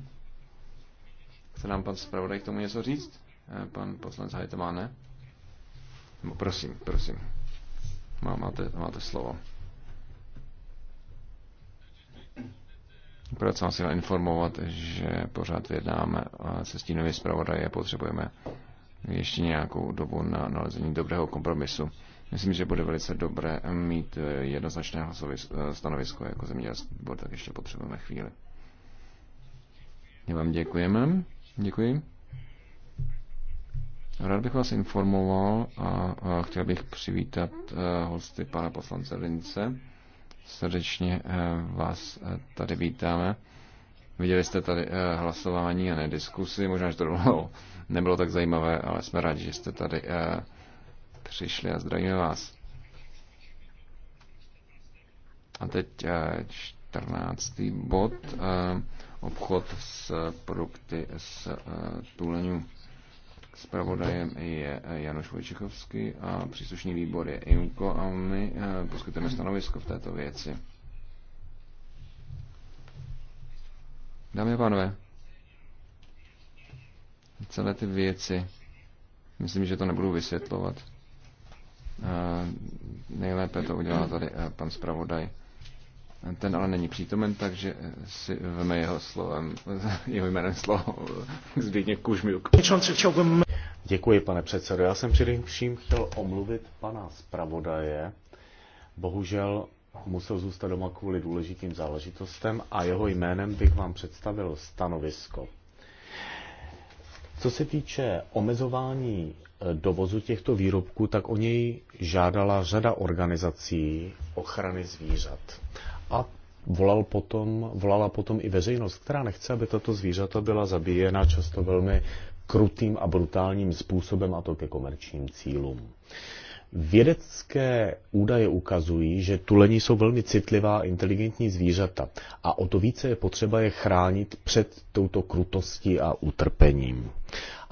C: Chce nám pan zpravodaj k tomu něco říct? E, pan poslanec Hajtová ne? prosím, prosím. Má, máte, máte slovo. Proč jsem chtěl informovat, že pořád jednáme. se stínově zpravodaje a potřebujeme ještě nějakou dobu na nalezení dobrého kompromisu. Myslím, že bude velice dobré mít eh, jednoznačné eh, stanovisko jako zemědělský výbor, tak ještě potřebujeme chvíli. Já vám děkujeme. Děkuji. Rád bych vás informoval a, chtěl bych přivítat eh, hosty pana poslance Lince. Srdečně vás tady vítáme. Viděli jste tady hlasování a ne diskusy, možná, že to bylo, nebylo tak zajímavé, ale jsme rádi, že jste tady přišli a zdravíme vás. A teď 14. Eh, bod, eh, obchod s produkty s eh, tuleňů. Spravodajem je Janoš Vojčechovský a příslušný výbor je IMKO a my poskytujeme stanovisko v této věci. Dámy a pánové, celé ty věci, myslím, že to nebudu vysvětlovat. Eh, nejlépe to udělá tady eh, pan zpravodaj. Ten ale není přítomen, takže eh, si veme jeho slovem, [laughs] jeho jménem slovo Zbigněk Kužmiuk. Děkuji,
A: pane předsedo. Já jsem především chtěl omluvit pana zpravodaje. Bohužel musel zůstat doma kvůli důležitým záležitostem a jeho jménem bych vám představil stanovisko. Co se týče omezování dovozu těchto výrobků, tak o něj žádala řada organizací ochrany zvířat. A volal potom, volala potom i veřejnost, která nechce, aby tato zvířata byla zabíjena často velmi krutým a brutálním způsobem, a to ke komerčním cílům. Vědecké údaje ukazují, že tulení jsou velmi citlivá a inteligentní zvířata a o to více je potřeba je chránit před touto krutostí a utrpením.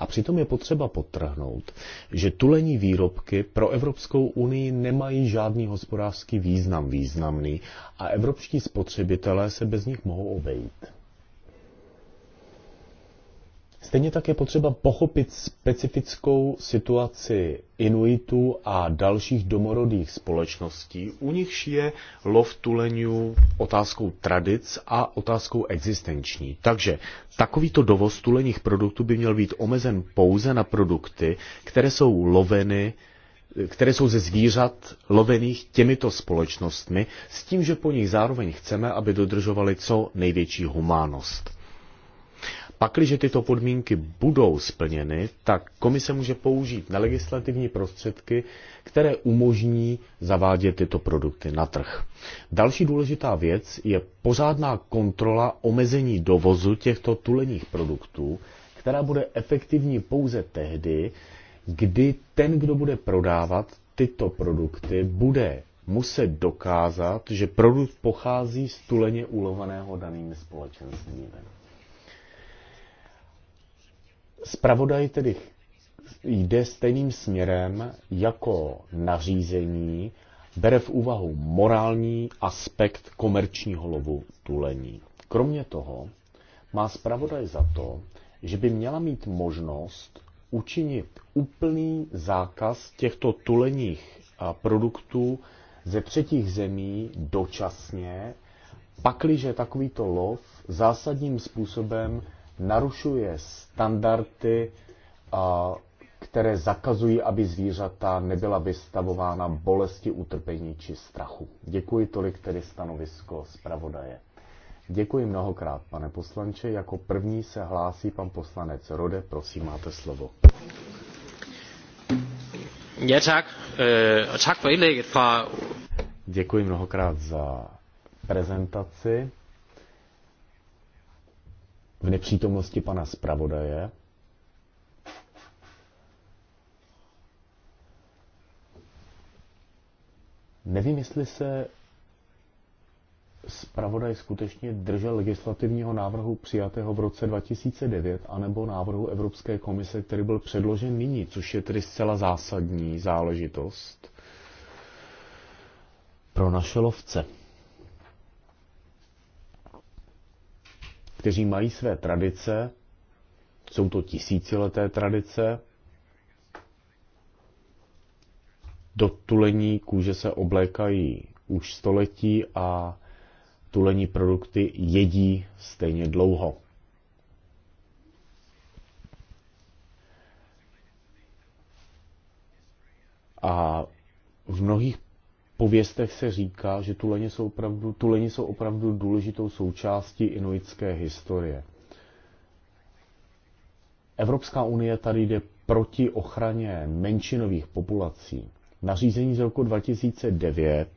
A: A přitom je potřeba podtrhnout, že tulení výrobky pro Evropskou unii nemají žádný hospodářský význam významný a evropští spotřebitelé se bez nich mohou obejít. Stejně tak je potřeba pochopit specifickou situaci Inuitů a dalších domorodých společností, u nichž je lov tuleňů otázkou tradic a otázkou existenční. Takže takovýto dovoz tuleních produktů by měl být omezen pouze na produkty, které jsou loveny které jsou ze zvířat lovených těmito společnostmi, s tím, že po nich zároveň chceme, aby dodržovali co největší humánost. Pakliže tyto podmínky budou splněny, tak komise může použít nelegislativní prostředky, které umožní zavádět tyto produkty na trh. Další důležitá věc je pořádná kontrola omezení dovozu těchto tulených produktů, která bude efektivní pouze tehdy, kdy ten, kdo bude prodávat tyto produkty, bude muset dokázat, že produkt pochází z tuleně ulovaného daným společenstvím. Spravodaj tedy jde stejným směrem jako nařízení, bere v úvahu morální aspekt komerčního lovu tulení. Kromě toho má spravodaj za to, že by měla mít možnost učinit úplný zákaz těchto tuleních produktů ze třetích zemí dočasně, pakliže takovýto lov zásadním způsobem narušuje standardy, které zakazují, aby zvířata nebyla vystavována bolesti, utrpení či strachu. Děkuji tolik tedy stanovisko zpravodaje. Děkuji mnohokrát, pane poslanče. Jako první se hlásí pan poslanec Rode. Prosím, máte slovo. Ja, tak. E, tak for fra... Děkuji mnohokrát za prezentaci v nepřítomnosti pana zpravodaje. Nevím, jestli se zpravodaj skutečně držel legislativního návrhu přijatého v roce 2009 anebo návrhu Evropské komise, který byl předložen nyní, což je tedy zcela zásadní záležitost pro naše lovce. kteří mají své tradice, jsou to tisícileté tradice, do tulení kůže se oblékají už století a tulení produkty jedí stejně dlouho. A v mnohých pověstech se říká, že tuleni jsou opravdu, tuleni jsou opravdu důležitou součástí inuitské historie. Evropská unie tady jde proti ochraně menšinových populací. Nařízení z roku 2009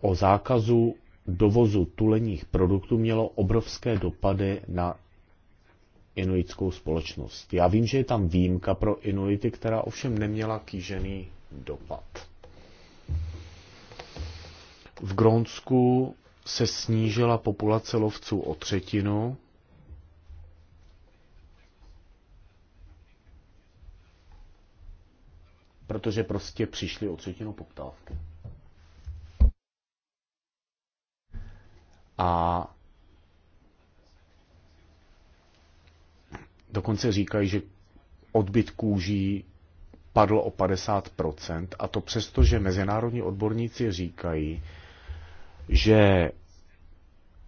A: o zákazu dovozu tuleních produktů mělo obrovské dopady na inuitskou společnost. Já vím, že je tam výjimka pro inuity, která ovšem neměla kýžený dopad. V Grónsku se snížila populace lovců o třetinu. Protože prostě přišli o třetinu poptávky. A dokonce říkají, že odbyt kůží padl o 50%, a to přesto, že mezinárodní odborníci říkají, že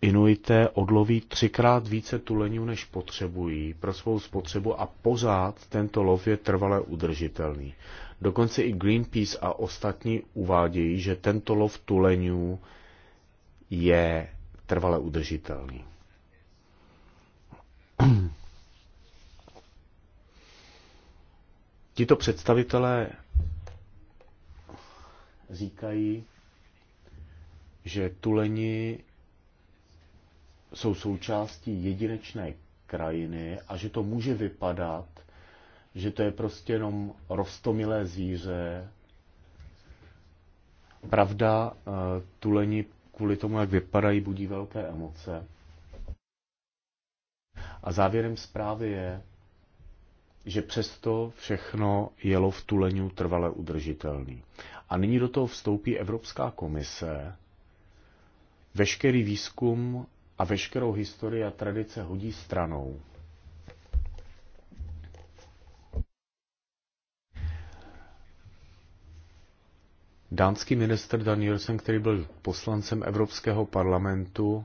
A: Inuité odloví třikrát více tuleňů, než potřebují pro svou spotřebu a pořád tento lov je trvale udržitelný. Dokonce i Greenpeace a ostatní uvádějí, že tento lov tuleňů je trvale udržitelný. Tito představitelé říkají, že tuleni jsou součástí jedinečné krajiny a že to může vypadat, že to je prostě jenom rostomilé zvíře. Pravda, eh, tuleni kvůli tomu, jak vypadají, budí velké emoce. A závěrem zprávy je, že přesto všechno jelo v tuleňu trvale udržitelný. A nyní do toho vstoupí Evropská komise veškerý výzkum a veškerou historii a tradice hodí stranou. Dánský minister Danielsen, který byl poslancem Evropského parlamentu,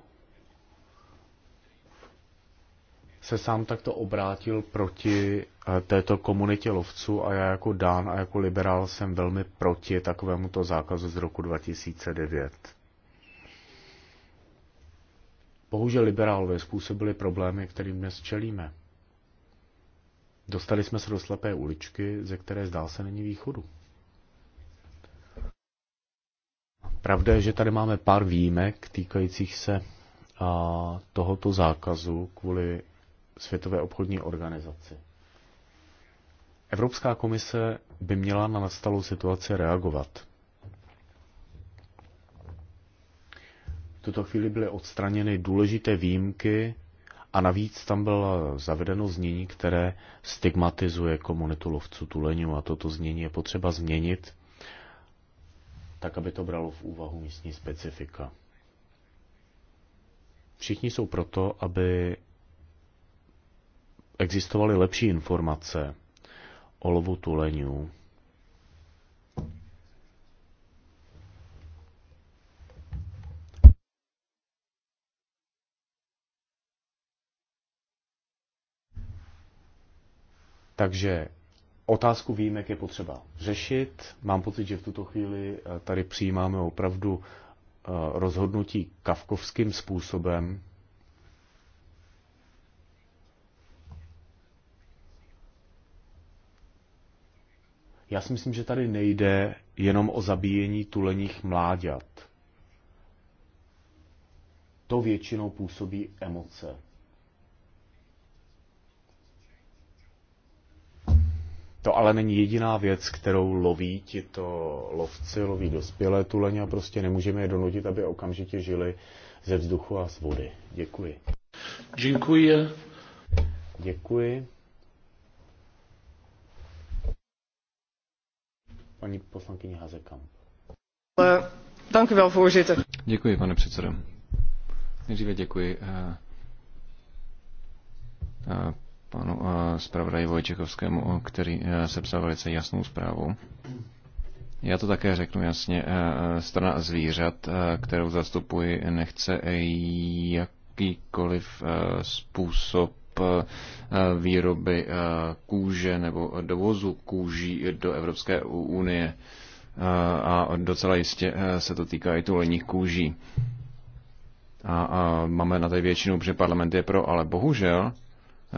A: se sám takto obrátil proti eh, této komunitě lovců a já jako Dán a jako liberál jsem velmi proti takovémuto zákazu z roku 2009. Bohužel liberálové způsobili problémy, kterým dnes čelíme. Dostali jsme se do slepé uličky, ze které zdá se není východu. Pravda je, že tady máme pár výjimek týkajících se a, tohoto zákazu kvůli Světové obchodní organizaci. Evropská komise by měla na nastalou situaci reagovat. tuto chvíli byly odstraněny důležité výjimky a navíc tam bylo zavedeno znění, které stigmatizuje komunitu lovců tuleňů a toto znění je potřeba změnit, tak aby to bralo v úvahu místní specifika. Všichni jsou proto, aby existovaly lepší informace o lovu tuleňů Takže otázku výjimek je potřeba řešit. Mám pocit, že v tuto chvíli eh, tady přijímáme opravdu eh, rozhodnutí kavkovským způsobem. Já si myslím, že tady nejde jenom o zabíjení tuleních mláďat. To většinou působí emoce. To ale není jediná věc, kterou loví tito lovci, loví dospělé tuleně a prostě nemůžeme je donutit, aby okamžitě žili ze vzduchu a z vody. Děkuji. Děkuji. Děkuji. Paní poslankyně Hazekamp.
B: Dank u
C: Děkuji, pane předsedo. Nejdříve děkuji eh, eh, panu eh, zpravodaji Vojčekovskému, eh, který eh, sepsal velice jasnou zprávu. Já to také řeknu jasně. Strana zvířat, kterou zastupuji, nechce jakýkoliv způsob výroby kůže nebo dovozu kůží do Evropské unie a docela jistě se to týká i tuleních kůží. A, a máme na té většinu, protože parlament je pro, ale bohužel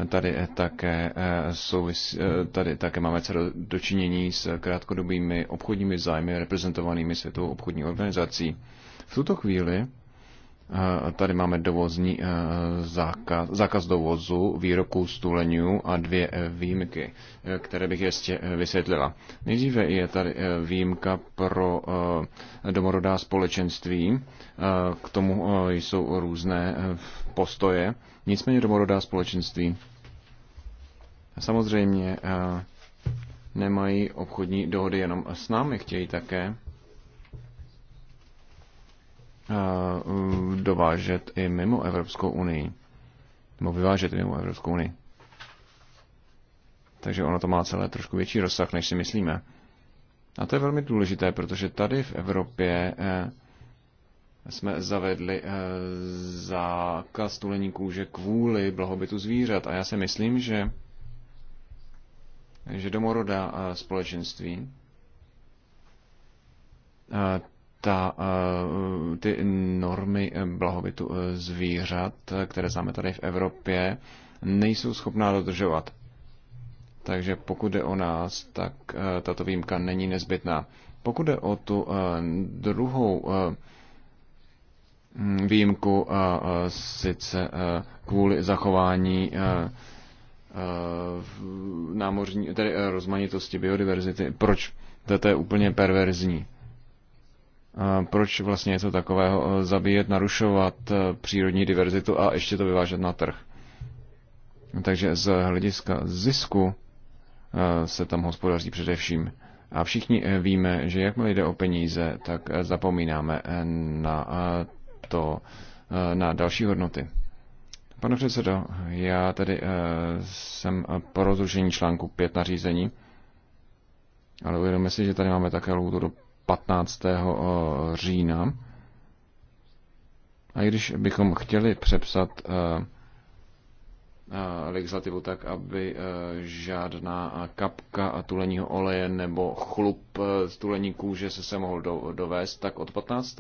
C: Tady také, eh, souvis, eh, tady také máme co dočinění s krátkodobými obchodními zájmy reprezentovanými Světovou obchodní organizací. V tuto chvíli eh, Tady máme dovozní zákaz, zákaz dovozu výroků z tuleňů a dvě výjimky, které bych ještě vysvětlila. Nejdříve je tady výjimka pro domorodá společenství. K tomu jsou různé postoje. Nicméně domorodá společenství samozřejmě eh, nemají obchodní dohody jenom s námi, chtějí také eh, dovážet i mimo Evropskou unii. Nebo vyvážet i mimo Evropskou unii. Takže ono to má celé trošku větší rozsah, než si myslíme. A to je velmi důležité, protože tady v Evropě eh, jsme zavedli eh, zákaz tulení kůže kvůli blahobytu zvířat. A já si myslím, že, že domorodá eh, společenství eh, ta, ty normy blahobytu zvířat, které známe tady v Evropě, nejsou schopná dodržovat. Takže pokud jde o nás, tak tato výjimka není nezbytná. Pokud jde o tu druhou Mm, výjimku sice kvůli zachování námořní, tedy e, rozmanitosti biodiverzity. Proč? To je úplně perverzní. Proč vlastně něco takového e, zabíjet, narušovat e, přírodní diverzitu a ještě to vyvážet na trh? Takže z hlediska zisku se tam hospodaří především. A všichni víme, že jakmile jde o peníze, tak zapomínáme na to eh, na další hodnoty. Pane předsedo, já tady eh, jsem po rozrušení článku 5 nařízení, ale uvědomme si, že tady máme také lhůtu do 15. Eh, října. A i když bychom chtěli přepsat legislativu tak, aby žádná kapka tuleního oleje nebo chlup z tulení kůže se se mohl dovést, tak od 15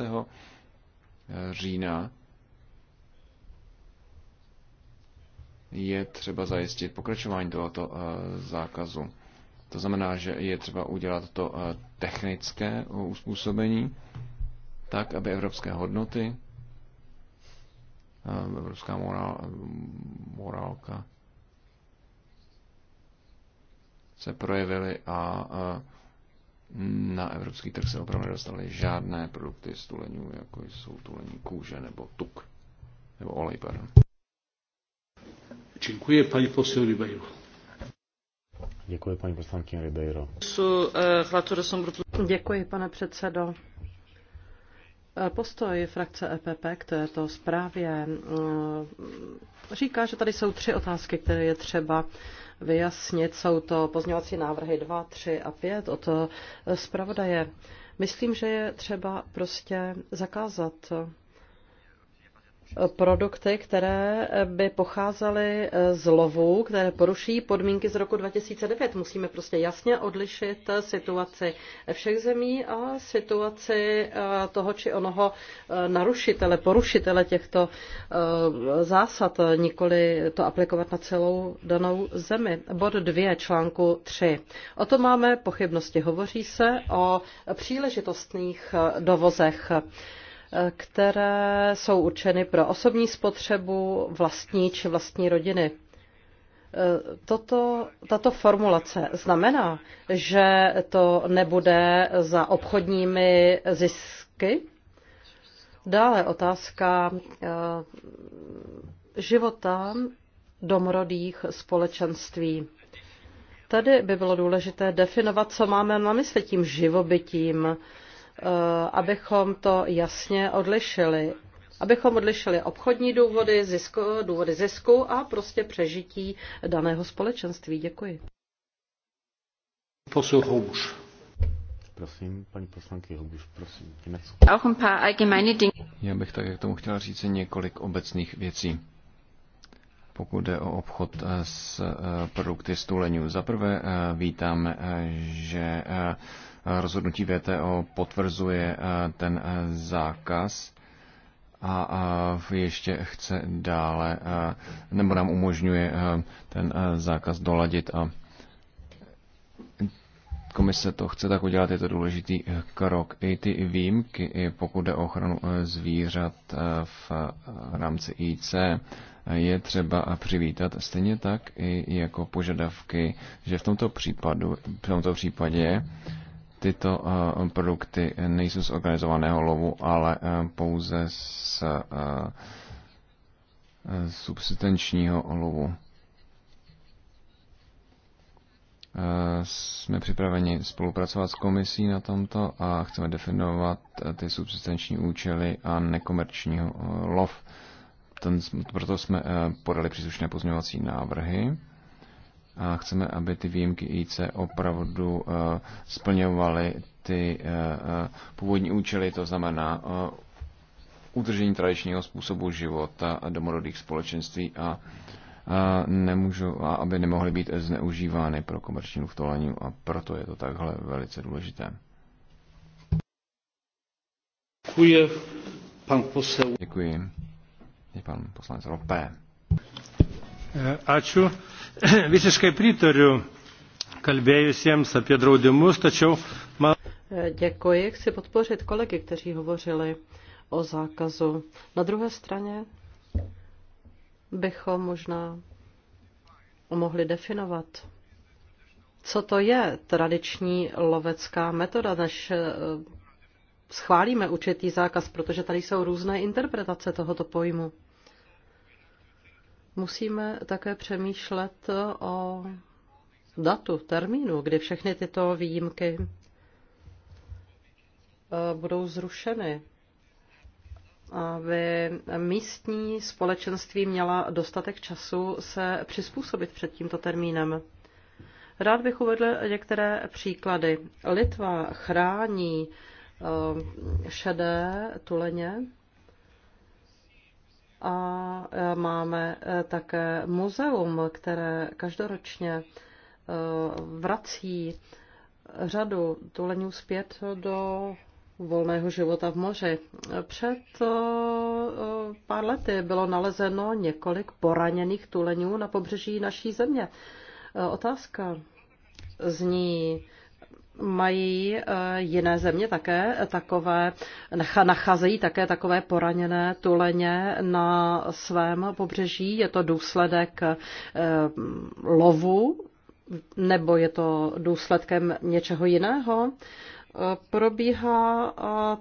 C: října je třeba zajistit pokračování tohoto eh, zákazu. To znamená, že je třeba udělat to eh, technické eh, uspůsobení, tak, aby evropské hodnoty, evropská morál, morálka se projevily a na evropský trh se opravdu nedostaly žádné produkty z tuleňů, jako jsou tulení kůže nebo tuk, nebo olej, pardon.
A: Děkuji, paní posel Ribeiro. Děkuji, paní poslankyně Ribeiro.
B: Eh, Děkuji, pane předsedo. Eh, postoj frakce EPP k této zprávě eh, říká, že tady jsou tři otázky, které je třeba vyjasnit. Jsou to pozměňovací návrhy 2, 3 a 5 od eh, zpravodaje. Myslím, že je třeba prostě zakázat produkty, které by pocházely eh, z lovu, které poruší podmínky z roku 2009. Musíme prostě jasně odlišit eh, situaci všech zemí a situaci eh, toho či onoho narušitele, porušitele těchto zásad, nikoli to aplikovat na celou danou zemi. Bod 2 článku 3. O to máme pochybnosti. Hovoří se o příležitostných dovozech. Eh, které jsou určeny pro osobní spotřebu vlastní či vlastní rodiny. Eh, toto, tato formulace znamená, že to nebude za obchodními zisky? Dále otázka eh, života domorodých společenství. Tady by bylo důležité definovat, co máme na mysli tím živobytím. Eh, abychom to jasně odlišili. Abychom odlišili obchodní důvody, zisku, důvody zisku a prostě přežití daného společenství. Děkuji.
A: Prosím, paní poslanky Hubuš, prosím,
C: Německo. Já bych tak, jak tomu chtěla říct několik obecných věcí pokud jde o obchod eh, s eh, produkty z tuleňů. Za prvé že rozhodnutí VTO potvrzuje eh, ten eh, zákaz a ještě chce dále, eh, nebo nám umožňuje ten zákaz doladit a komise to chce tak udělat, je to důležitý krok. I ty výjimky, i pokud jde o ochranu zvířat v rámci IC, je třeba přivítat stejně tak i jako požadavky, že v tomto, případu, v tomto případě tyto eh, produkty nejsou z organizovaného lovu, ale eh, pouze eh, z subsistenčního lovu. Jsme připraveni spolupracovat s komisí na tomto a chceme definovat ty subsistenční účely a nekomerčního lov. Ten, proto jsme podali příslušné pozměňovací návrhy a chceme, aby ty výjimky IC opravdu eh, splňovaly ty eh, eh, původní účely, to znamená udržení tradičního způsobu života domorodých společenství a nemůžu, a aby nemohly být zneužívány pro komerční luftolení a proto je to takhle velice důležité. Děkuji. Pan posel. Děkuji. Je pan poslanec Ropé.
A: E, ačiū. [clears throat] Visiškai pritariu kalbėjusiems apie draudimus, tačiau man...
B: E, děkuji. Chci podpořit kolegy, kteří hovořili o zákazu. Na druhé straně bychom možná mohli definovat, co to je tradiční lovecká metoda, než e, schválíme určitý zákaz, protože tady jsou různé interpretace tohoto pojmu. Musíme také přemýšlet o datu, termínu, kdy všechny tyto výjimky eh, budou zrušeny, aby místní společenství měla dostatek času se přizpůsobit před tímto termínem. Rád bych uvedl některé příklady. Litva chrání eh, šedé tuleně a e, máme e, také muzeum, které každoročně e, vrací řadu tuleňů zpět do volného života v moři. Před pár lety bylo nalezeno několik poraněných tuleňů na pobřeží naší země. Otázka zní, mají eh, jiné země také takové, nacházejí také takové poraněné tuleně na svém pobřeží. Je to důsledek eh, lovu nebo je to důsledkem něčeho jiného? Eh, probíhá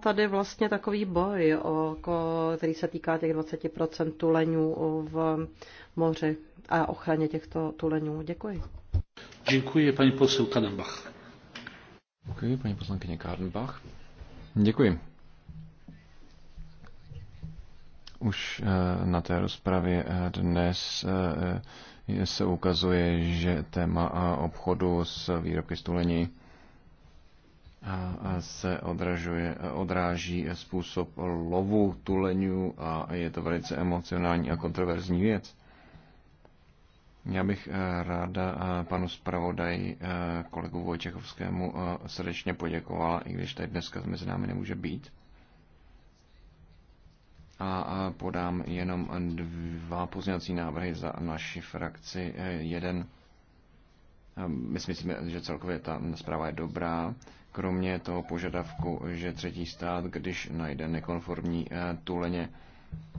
B: tady vlastně takový boj, který se týká těch 20% tuleňů v moři a ochraně těchto tuleňů. Děkuji.
C: Děkuji, paní poseł Nambach Děkuji, paní poslankyně Kárnbach. Děkuji. Už eh, na té rozpravě eh, dnes eh, se ukazuje, že téma obchodu s výrobky stulení se odražuje, odráží způsob lovu tuleňů a je to velice emocionální a kontroverzní věc. Já bych eh, ráda eh, panu zpravodaji eh, kolegu Vojčechovskému srdečně poděkovala, i když tady dneska mezi námi nemůže být. A podám jenom dva pozměňovací návrhy za naši frakci. Jeden, my si myslíme, že celkově ta zpráva je dobrá, kromě toho požadavku, že třetí stát, když najde nekonformní tuleně,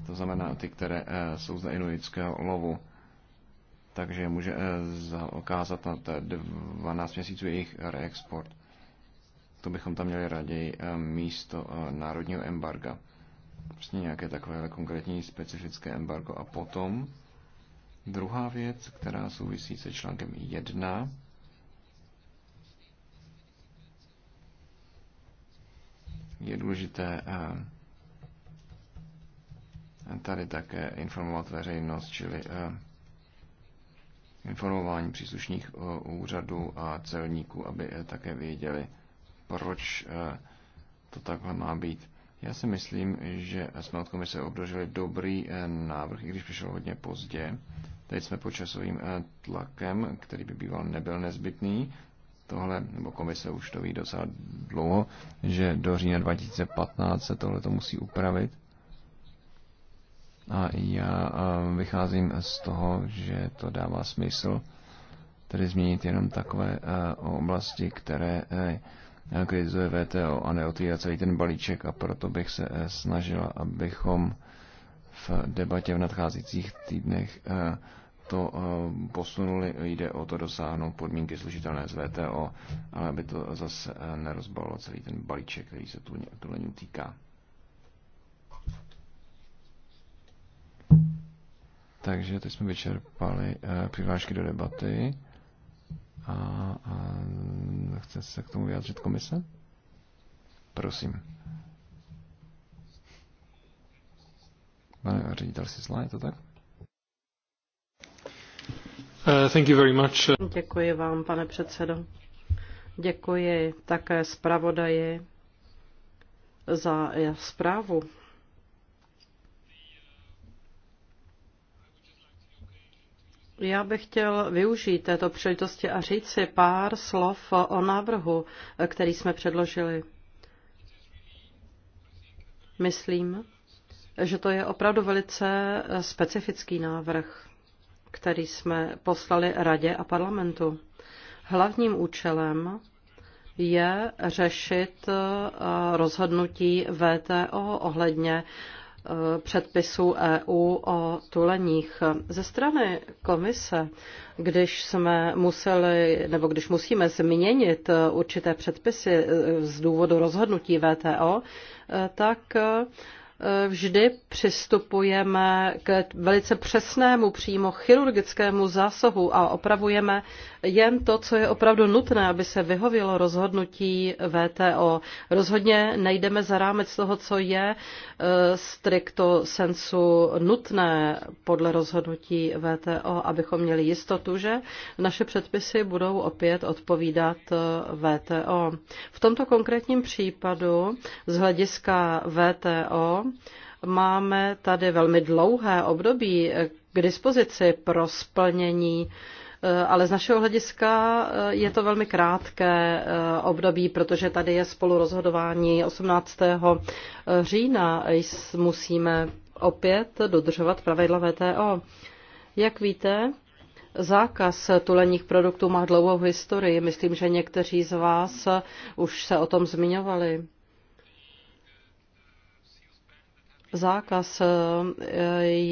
C: to znamená ty, které jsou z inuitského lovu, takže může eh, zaokázat na 12 měsíců jejich reexport. To bychom tam měli raději eh, místo eh, národního embarga. Prostě nějaké takové konkrétní specifické embargo. A potom druhá věc, která souvisí se článkem 1, je důležité tady také informovat veřejnost, čili informování příslušných eh, úřadů a celníků, aby eh, také věděli, proč eh, to takhle má být. Já si myslím, že jsme od komise obdrželi dobrý návrh, i když přišel hodně pozdě. Teď jsme pod časovým tlakem, který by býval nebyl nezbytný. Tohle, nebo komise už to ví docela dlouho, že do října 2015 se tohle to musí upravit. A já vycházím z toho, že to dává smysl, tedy změnit jenom takové oblasti, které e, kritizuje VTO a neotvírat celý ten balíček a proto bych se e, snažila, abychom v debatě v nadcházejících týdnech e, to posunuli. Jde o to dosáhnout podmínky služitelné z VTO, ale aby to zase nerozbalilo celý ten balíček, který se tu, tu týká. Takže teď jsme vyčerpali eh, přihlášky do debaty a, a chce se k tomu vyjádřit komise? Prosím. Pane ředitel Sisla, je to tak?
B: Uh, thank you very much. Děkuji vám, pane předsedo. Děkuji také zpravodaji za zprávu. Já bych chtěl využít této příležitosti a říct si pár slov o návrhu, který jsme předložili. Myslím, že to je opravdu velice specifický návrh, který jsme poslali Radě a parlamentu. Hlavním účelem je řešit eh, rozhodnutí VTO ohledně předpisů EU o tuleních. Ze strany komise, když jsme museli, nebo když musíme změnit určité předpisy z důvodu rozhodnutí VTO, tak Eh, vždy přistupujeme k velice přesnému, přímo chirurgickému zásahu a opravujeme jen to, co je opravdu nutné, aby se vyhovělo rozhodnutí VTO. Rozhodně nejdeme za rámec toho, co je eh, strikto sensu nutné podle rozhodnutí VTO, abychom měli jistotu, že naše předpisy budou opět odpovídat eh, VTO. V tomto konkrétním případu z hlediska VTO máme tady velmi dlouhé období k dispozici pro splnění eh, ale z našeho hlediska eh, je to velmi krátké eh, období, protože tady je spolurozhodování 18. října. Musíme opět dodržovat pravidla VTO. Jak víte, Zákaz tuleních produktů má dlouhou historii. Myslím, že někteří z vás už se o tom zmiňovali. Zákaz, eh,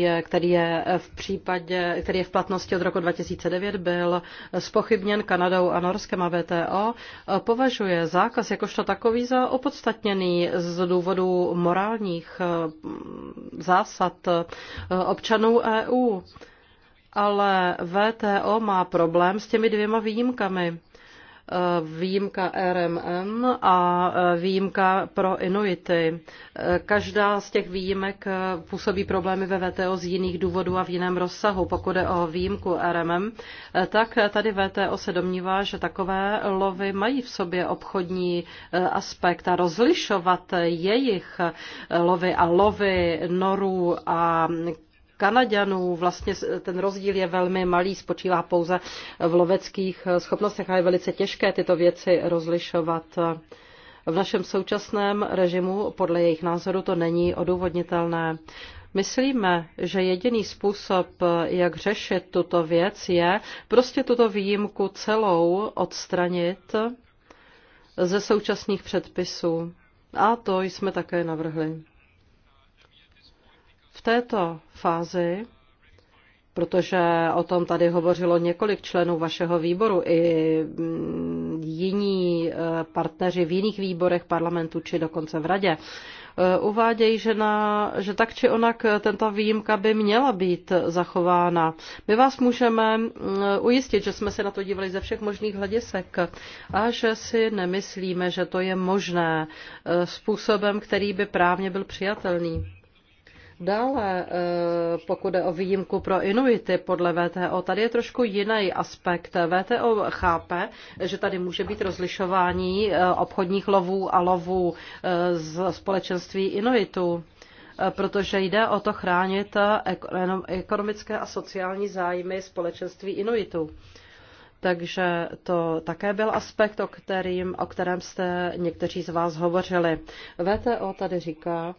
B: je, který, je v případě, který je v platnosti od roku 2009, byl spochybněn Kanadou a Norskem a VTO, považuje zákaz jakožto takový za opodstatněný z důvodu morálních eh, zásad eh, občanů EU. Ale VTO má problém s těmi dvěma výjimkami Eh, výjimka RMM a eh, výjimka pro Inuity. Eh, každá z těch výjimek působí problémy ve VTO z jiných důvodů a v jiném rozsahu. Pokud je o výjimku RMM, tak tady VTO se domnívá, že takové lovy mají v sobě obchodní aspekt a rozlišovat jejich lovy a lovy norů a Kanaďanů. Vlastně ten rozdíl je velmi malý, spočívá pouze v loveckých eh, schopnostech a je velice těžké tyto věci rozlišovat. V našem současném režimu podle jejich názoru to není odůvodnitelné. Myslíme, že jediný způsob, eh, jak řešit tuto věc, je prostě tuto výjimku celou odstranit eh, ze současných předpisů. A to jsme také navrhli této fázi, protože o tom tady hovořilo několik členů vašeho výboru i mm, jiní e, partneři v jiných výborech parlamentu či dokonce v radě, e, uvádějí, že, na, že tak či onak tento výjimka by měla být zachována. My vás můžeme mm, ujistit, že jsme se na to dívali ze všech možných hledisek a že si nemyslíme, že to je možné e, způsobem, který by právně byl přijatelný. Dále, eh, pokud je o výjimku pro Inuity podle VTO, tady je trošku jiný aspekt. VTO chápe, že tady může být rozlišování eh, obchodních lovů a lovů eh, z společenství Inuitů protože jde o to chránit ekonomické a sociální zájmy společenství Inuitů. Takže to také byl aspekt, o, kterým, o kterém jste někteří z vás hovořili. VTO tady říká,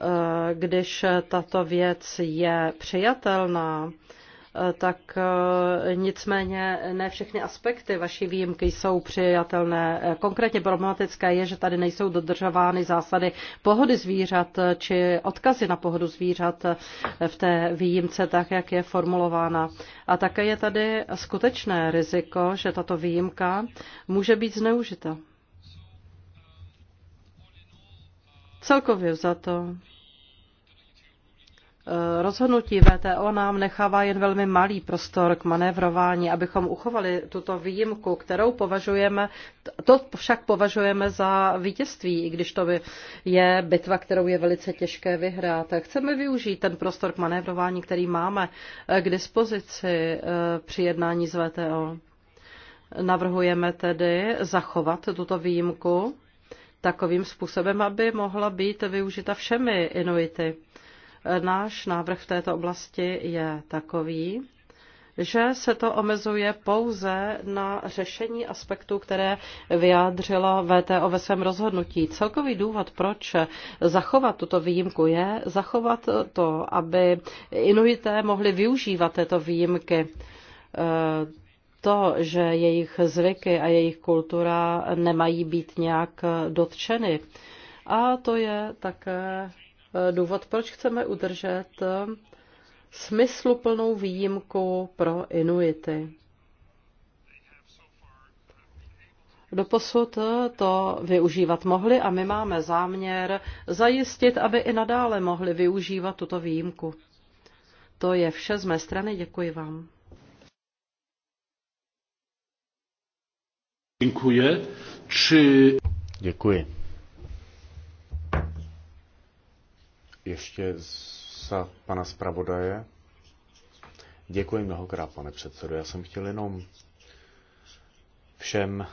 B: Eh, když tato věc je přijatelná, eh, tak eh, nicméně ne všechny aspekty vaší výjimky jsou přijatelné. Konkrétně problematické je, že tady nejsou dodržovány zásady pohody zvířat či odkazy na pohodu zvířat v té výjimce, tak jak je formulována. A také je tady skutečné riziko, že tato výjimka může být zneužita. Celkově za to eh, rozhodnutí VTO nám nechává jen velmi malý prostor k manévrování, abychom uchovali tuto výjimku, kterou považujeme, to však považujeme za vítězství, i když to je bitva, kterou je velice těžké vyhrát. Chceme využít ten prostor k manévrování, který máme eh, k dispozici eh, při jednání s VTO. Navrhujeme tedy zachovat tuto výjimku takovým způsobem, aby mohla být využita všemi Inuity. Náš návrh v této oblasti je takový, že se to omezuje pouze na řešení aspektů, které vyjádřila VTO ve svém rozhodnutí. Celkový důvod, proč zachovat tuto výjimku, je zachovat to, aby Inuité mohli využívat této výjimky to, že jejich zvyky a jejich kultura nemají být nějak dotčeny. A to je také eh, důvod, proč chceme udržet eh, smysluplnou výjimku pro Inuity. Doposud eh, to využívat mohli a my máme záměr zajistit, aby i nadále mohli využívat tuto výjimku. To je vše z mé strany, děkuji vám.
A: Děkuji. Děkuji. Ještě za pana zpravodaje. Děkuji mnohokrát, pane předsedo. Já jsem chtěl jenom všem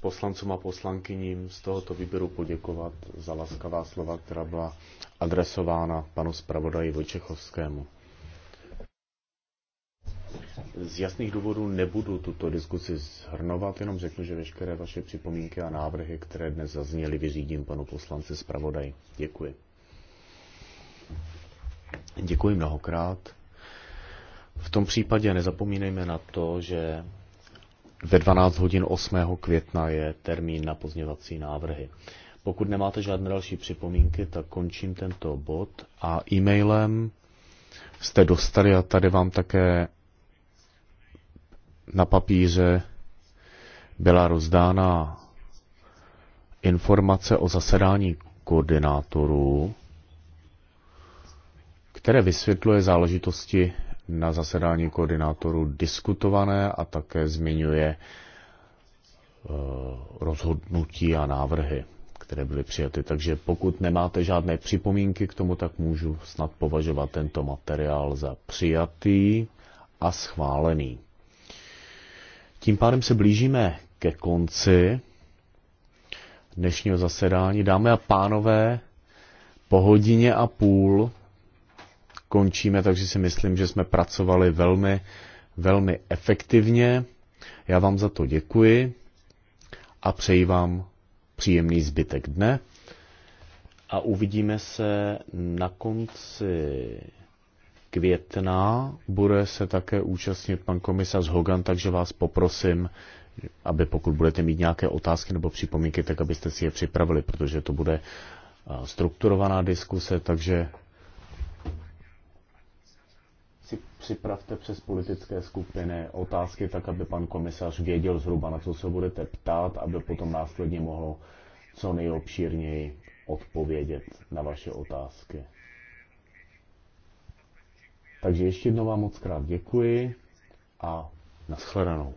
A: poslancům a poslankyním z tohoto výběru poděkovat za laskavá slova, která byla adresována panu zpravodaji Vojčechovskému. Z jasných důvodů nebudu tuto diskusi zhrnovat, jenom řeknu, že veškeré vaše připomínky a návrhy, které dnes zazněly, vyřídím panu poslanci zpravodaj. Děkuji. Děkuji mnohokrát. V tom případě nezapomínejme na to, že ve 12 hodin 8. května je termín na pozněvací návrhy. Pokud nemáte žádné další připomínky, tak končím tento bod a e-mailem jste dostali a tady vám také na papíře byla rozdána informace o zasedání koordinátorů, které vysvětluje záležitosti na zasedání koordinátorů diskutované a také zmiňuje eh, rozhodnutí a návrhy, které byly přijaty. Takže pokud nemáte žádné připomínky k tomu, tak můžu snad považovat tento materiál za přijatý a schválený. Tím pádem se blížíme ke konci dnešního zasedání. Dámy a pánové, po hodině a půl končíme, takže si myslím, že jsme pracovali velmi, velmi efektivně. Já vám za to děkuji a přeji vám příjemný zbytek dne. A uvidíme se na konci května bude se také účastnit pan komisař Hogan, takže vás poprosím, aby pokud budete mít nějaké otázky nebo připomínky, tak abyste si je připravili, protože to bude strukturovaná diskuse, takže si připravte přes politické skupiny otázky, tak aby pan komisař věděl zhruba, na co se budete ptát, aby potom následně mohlo co nejobšírněji odpovědět na vaše otázky. Takže ještě jednou vám moc krát děkuji a nashledanou.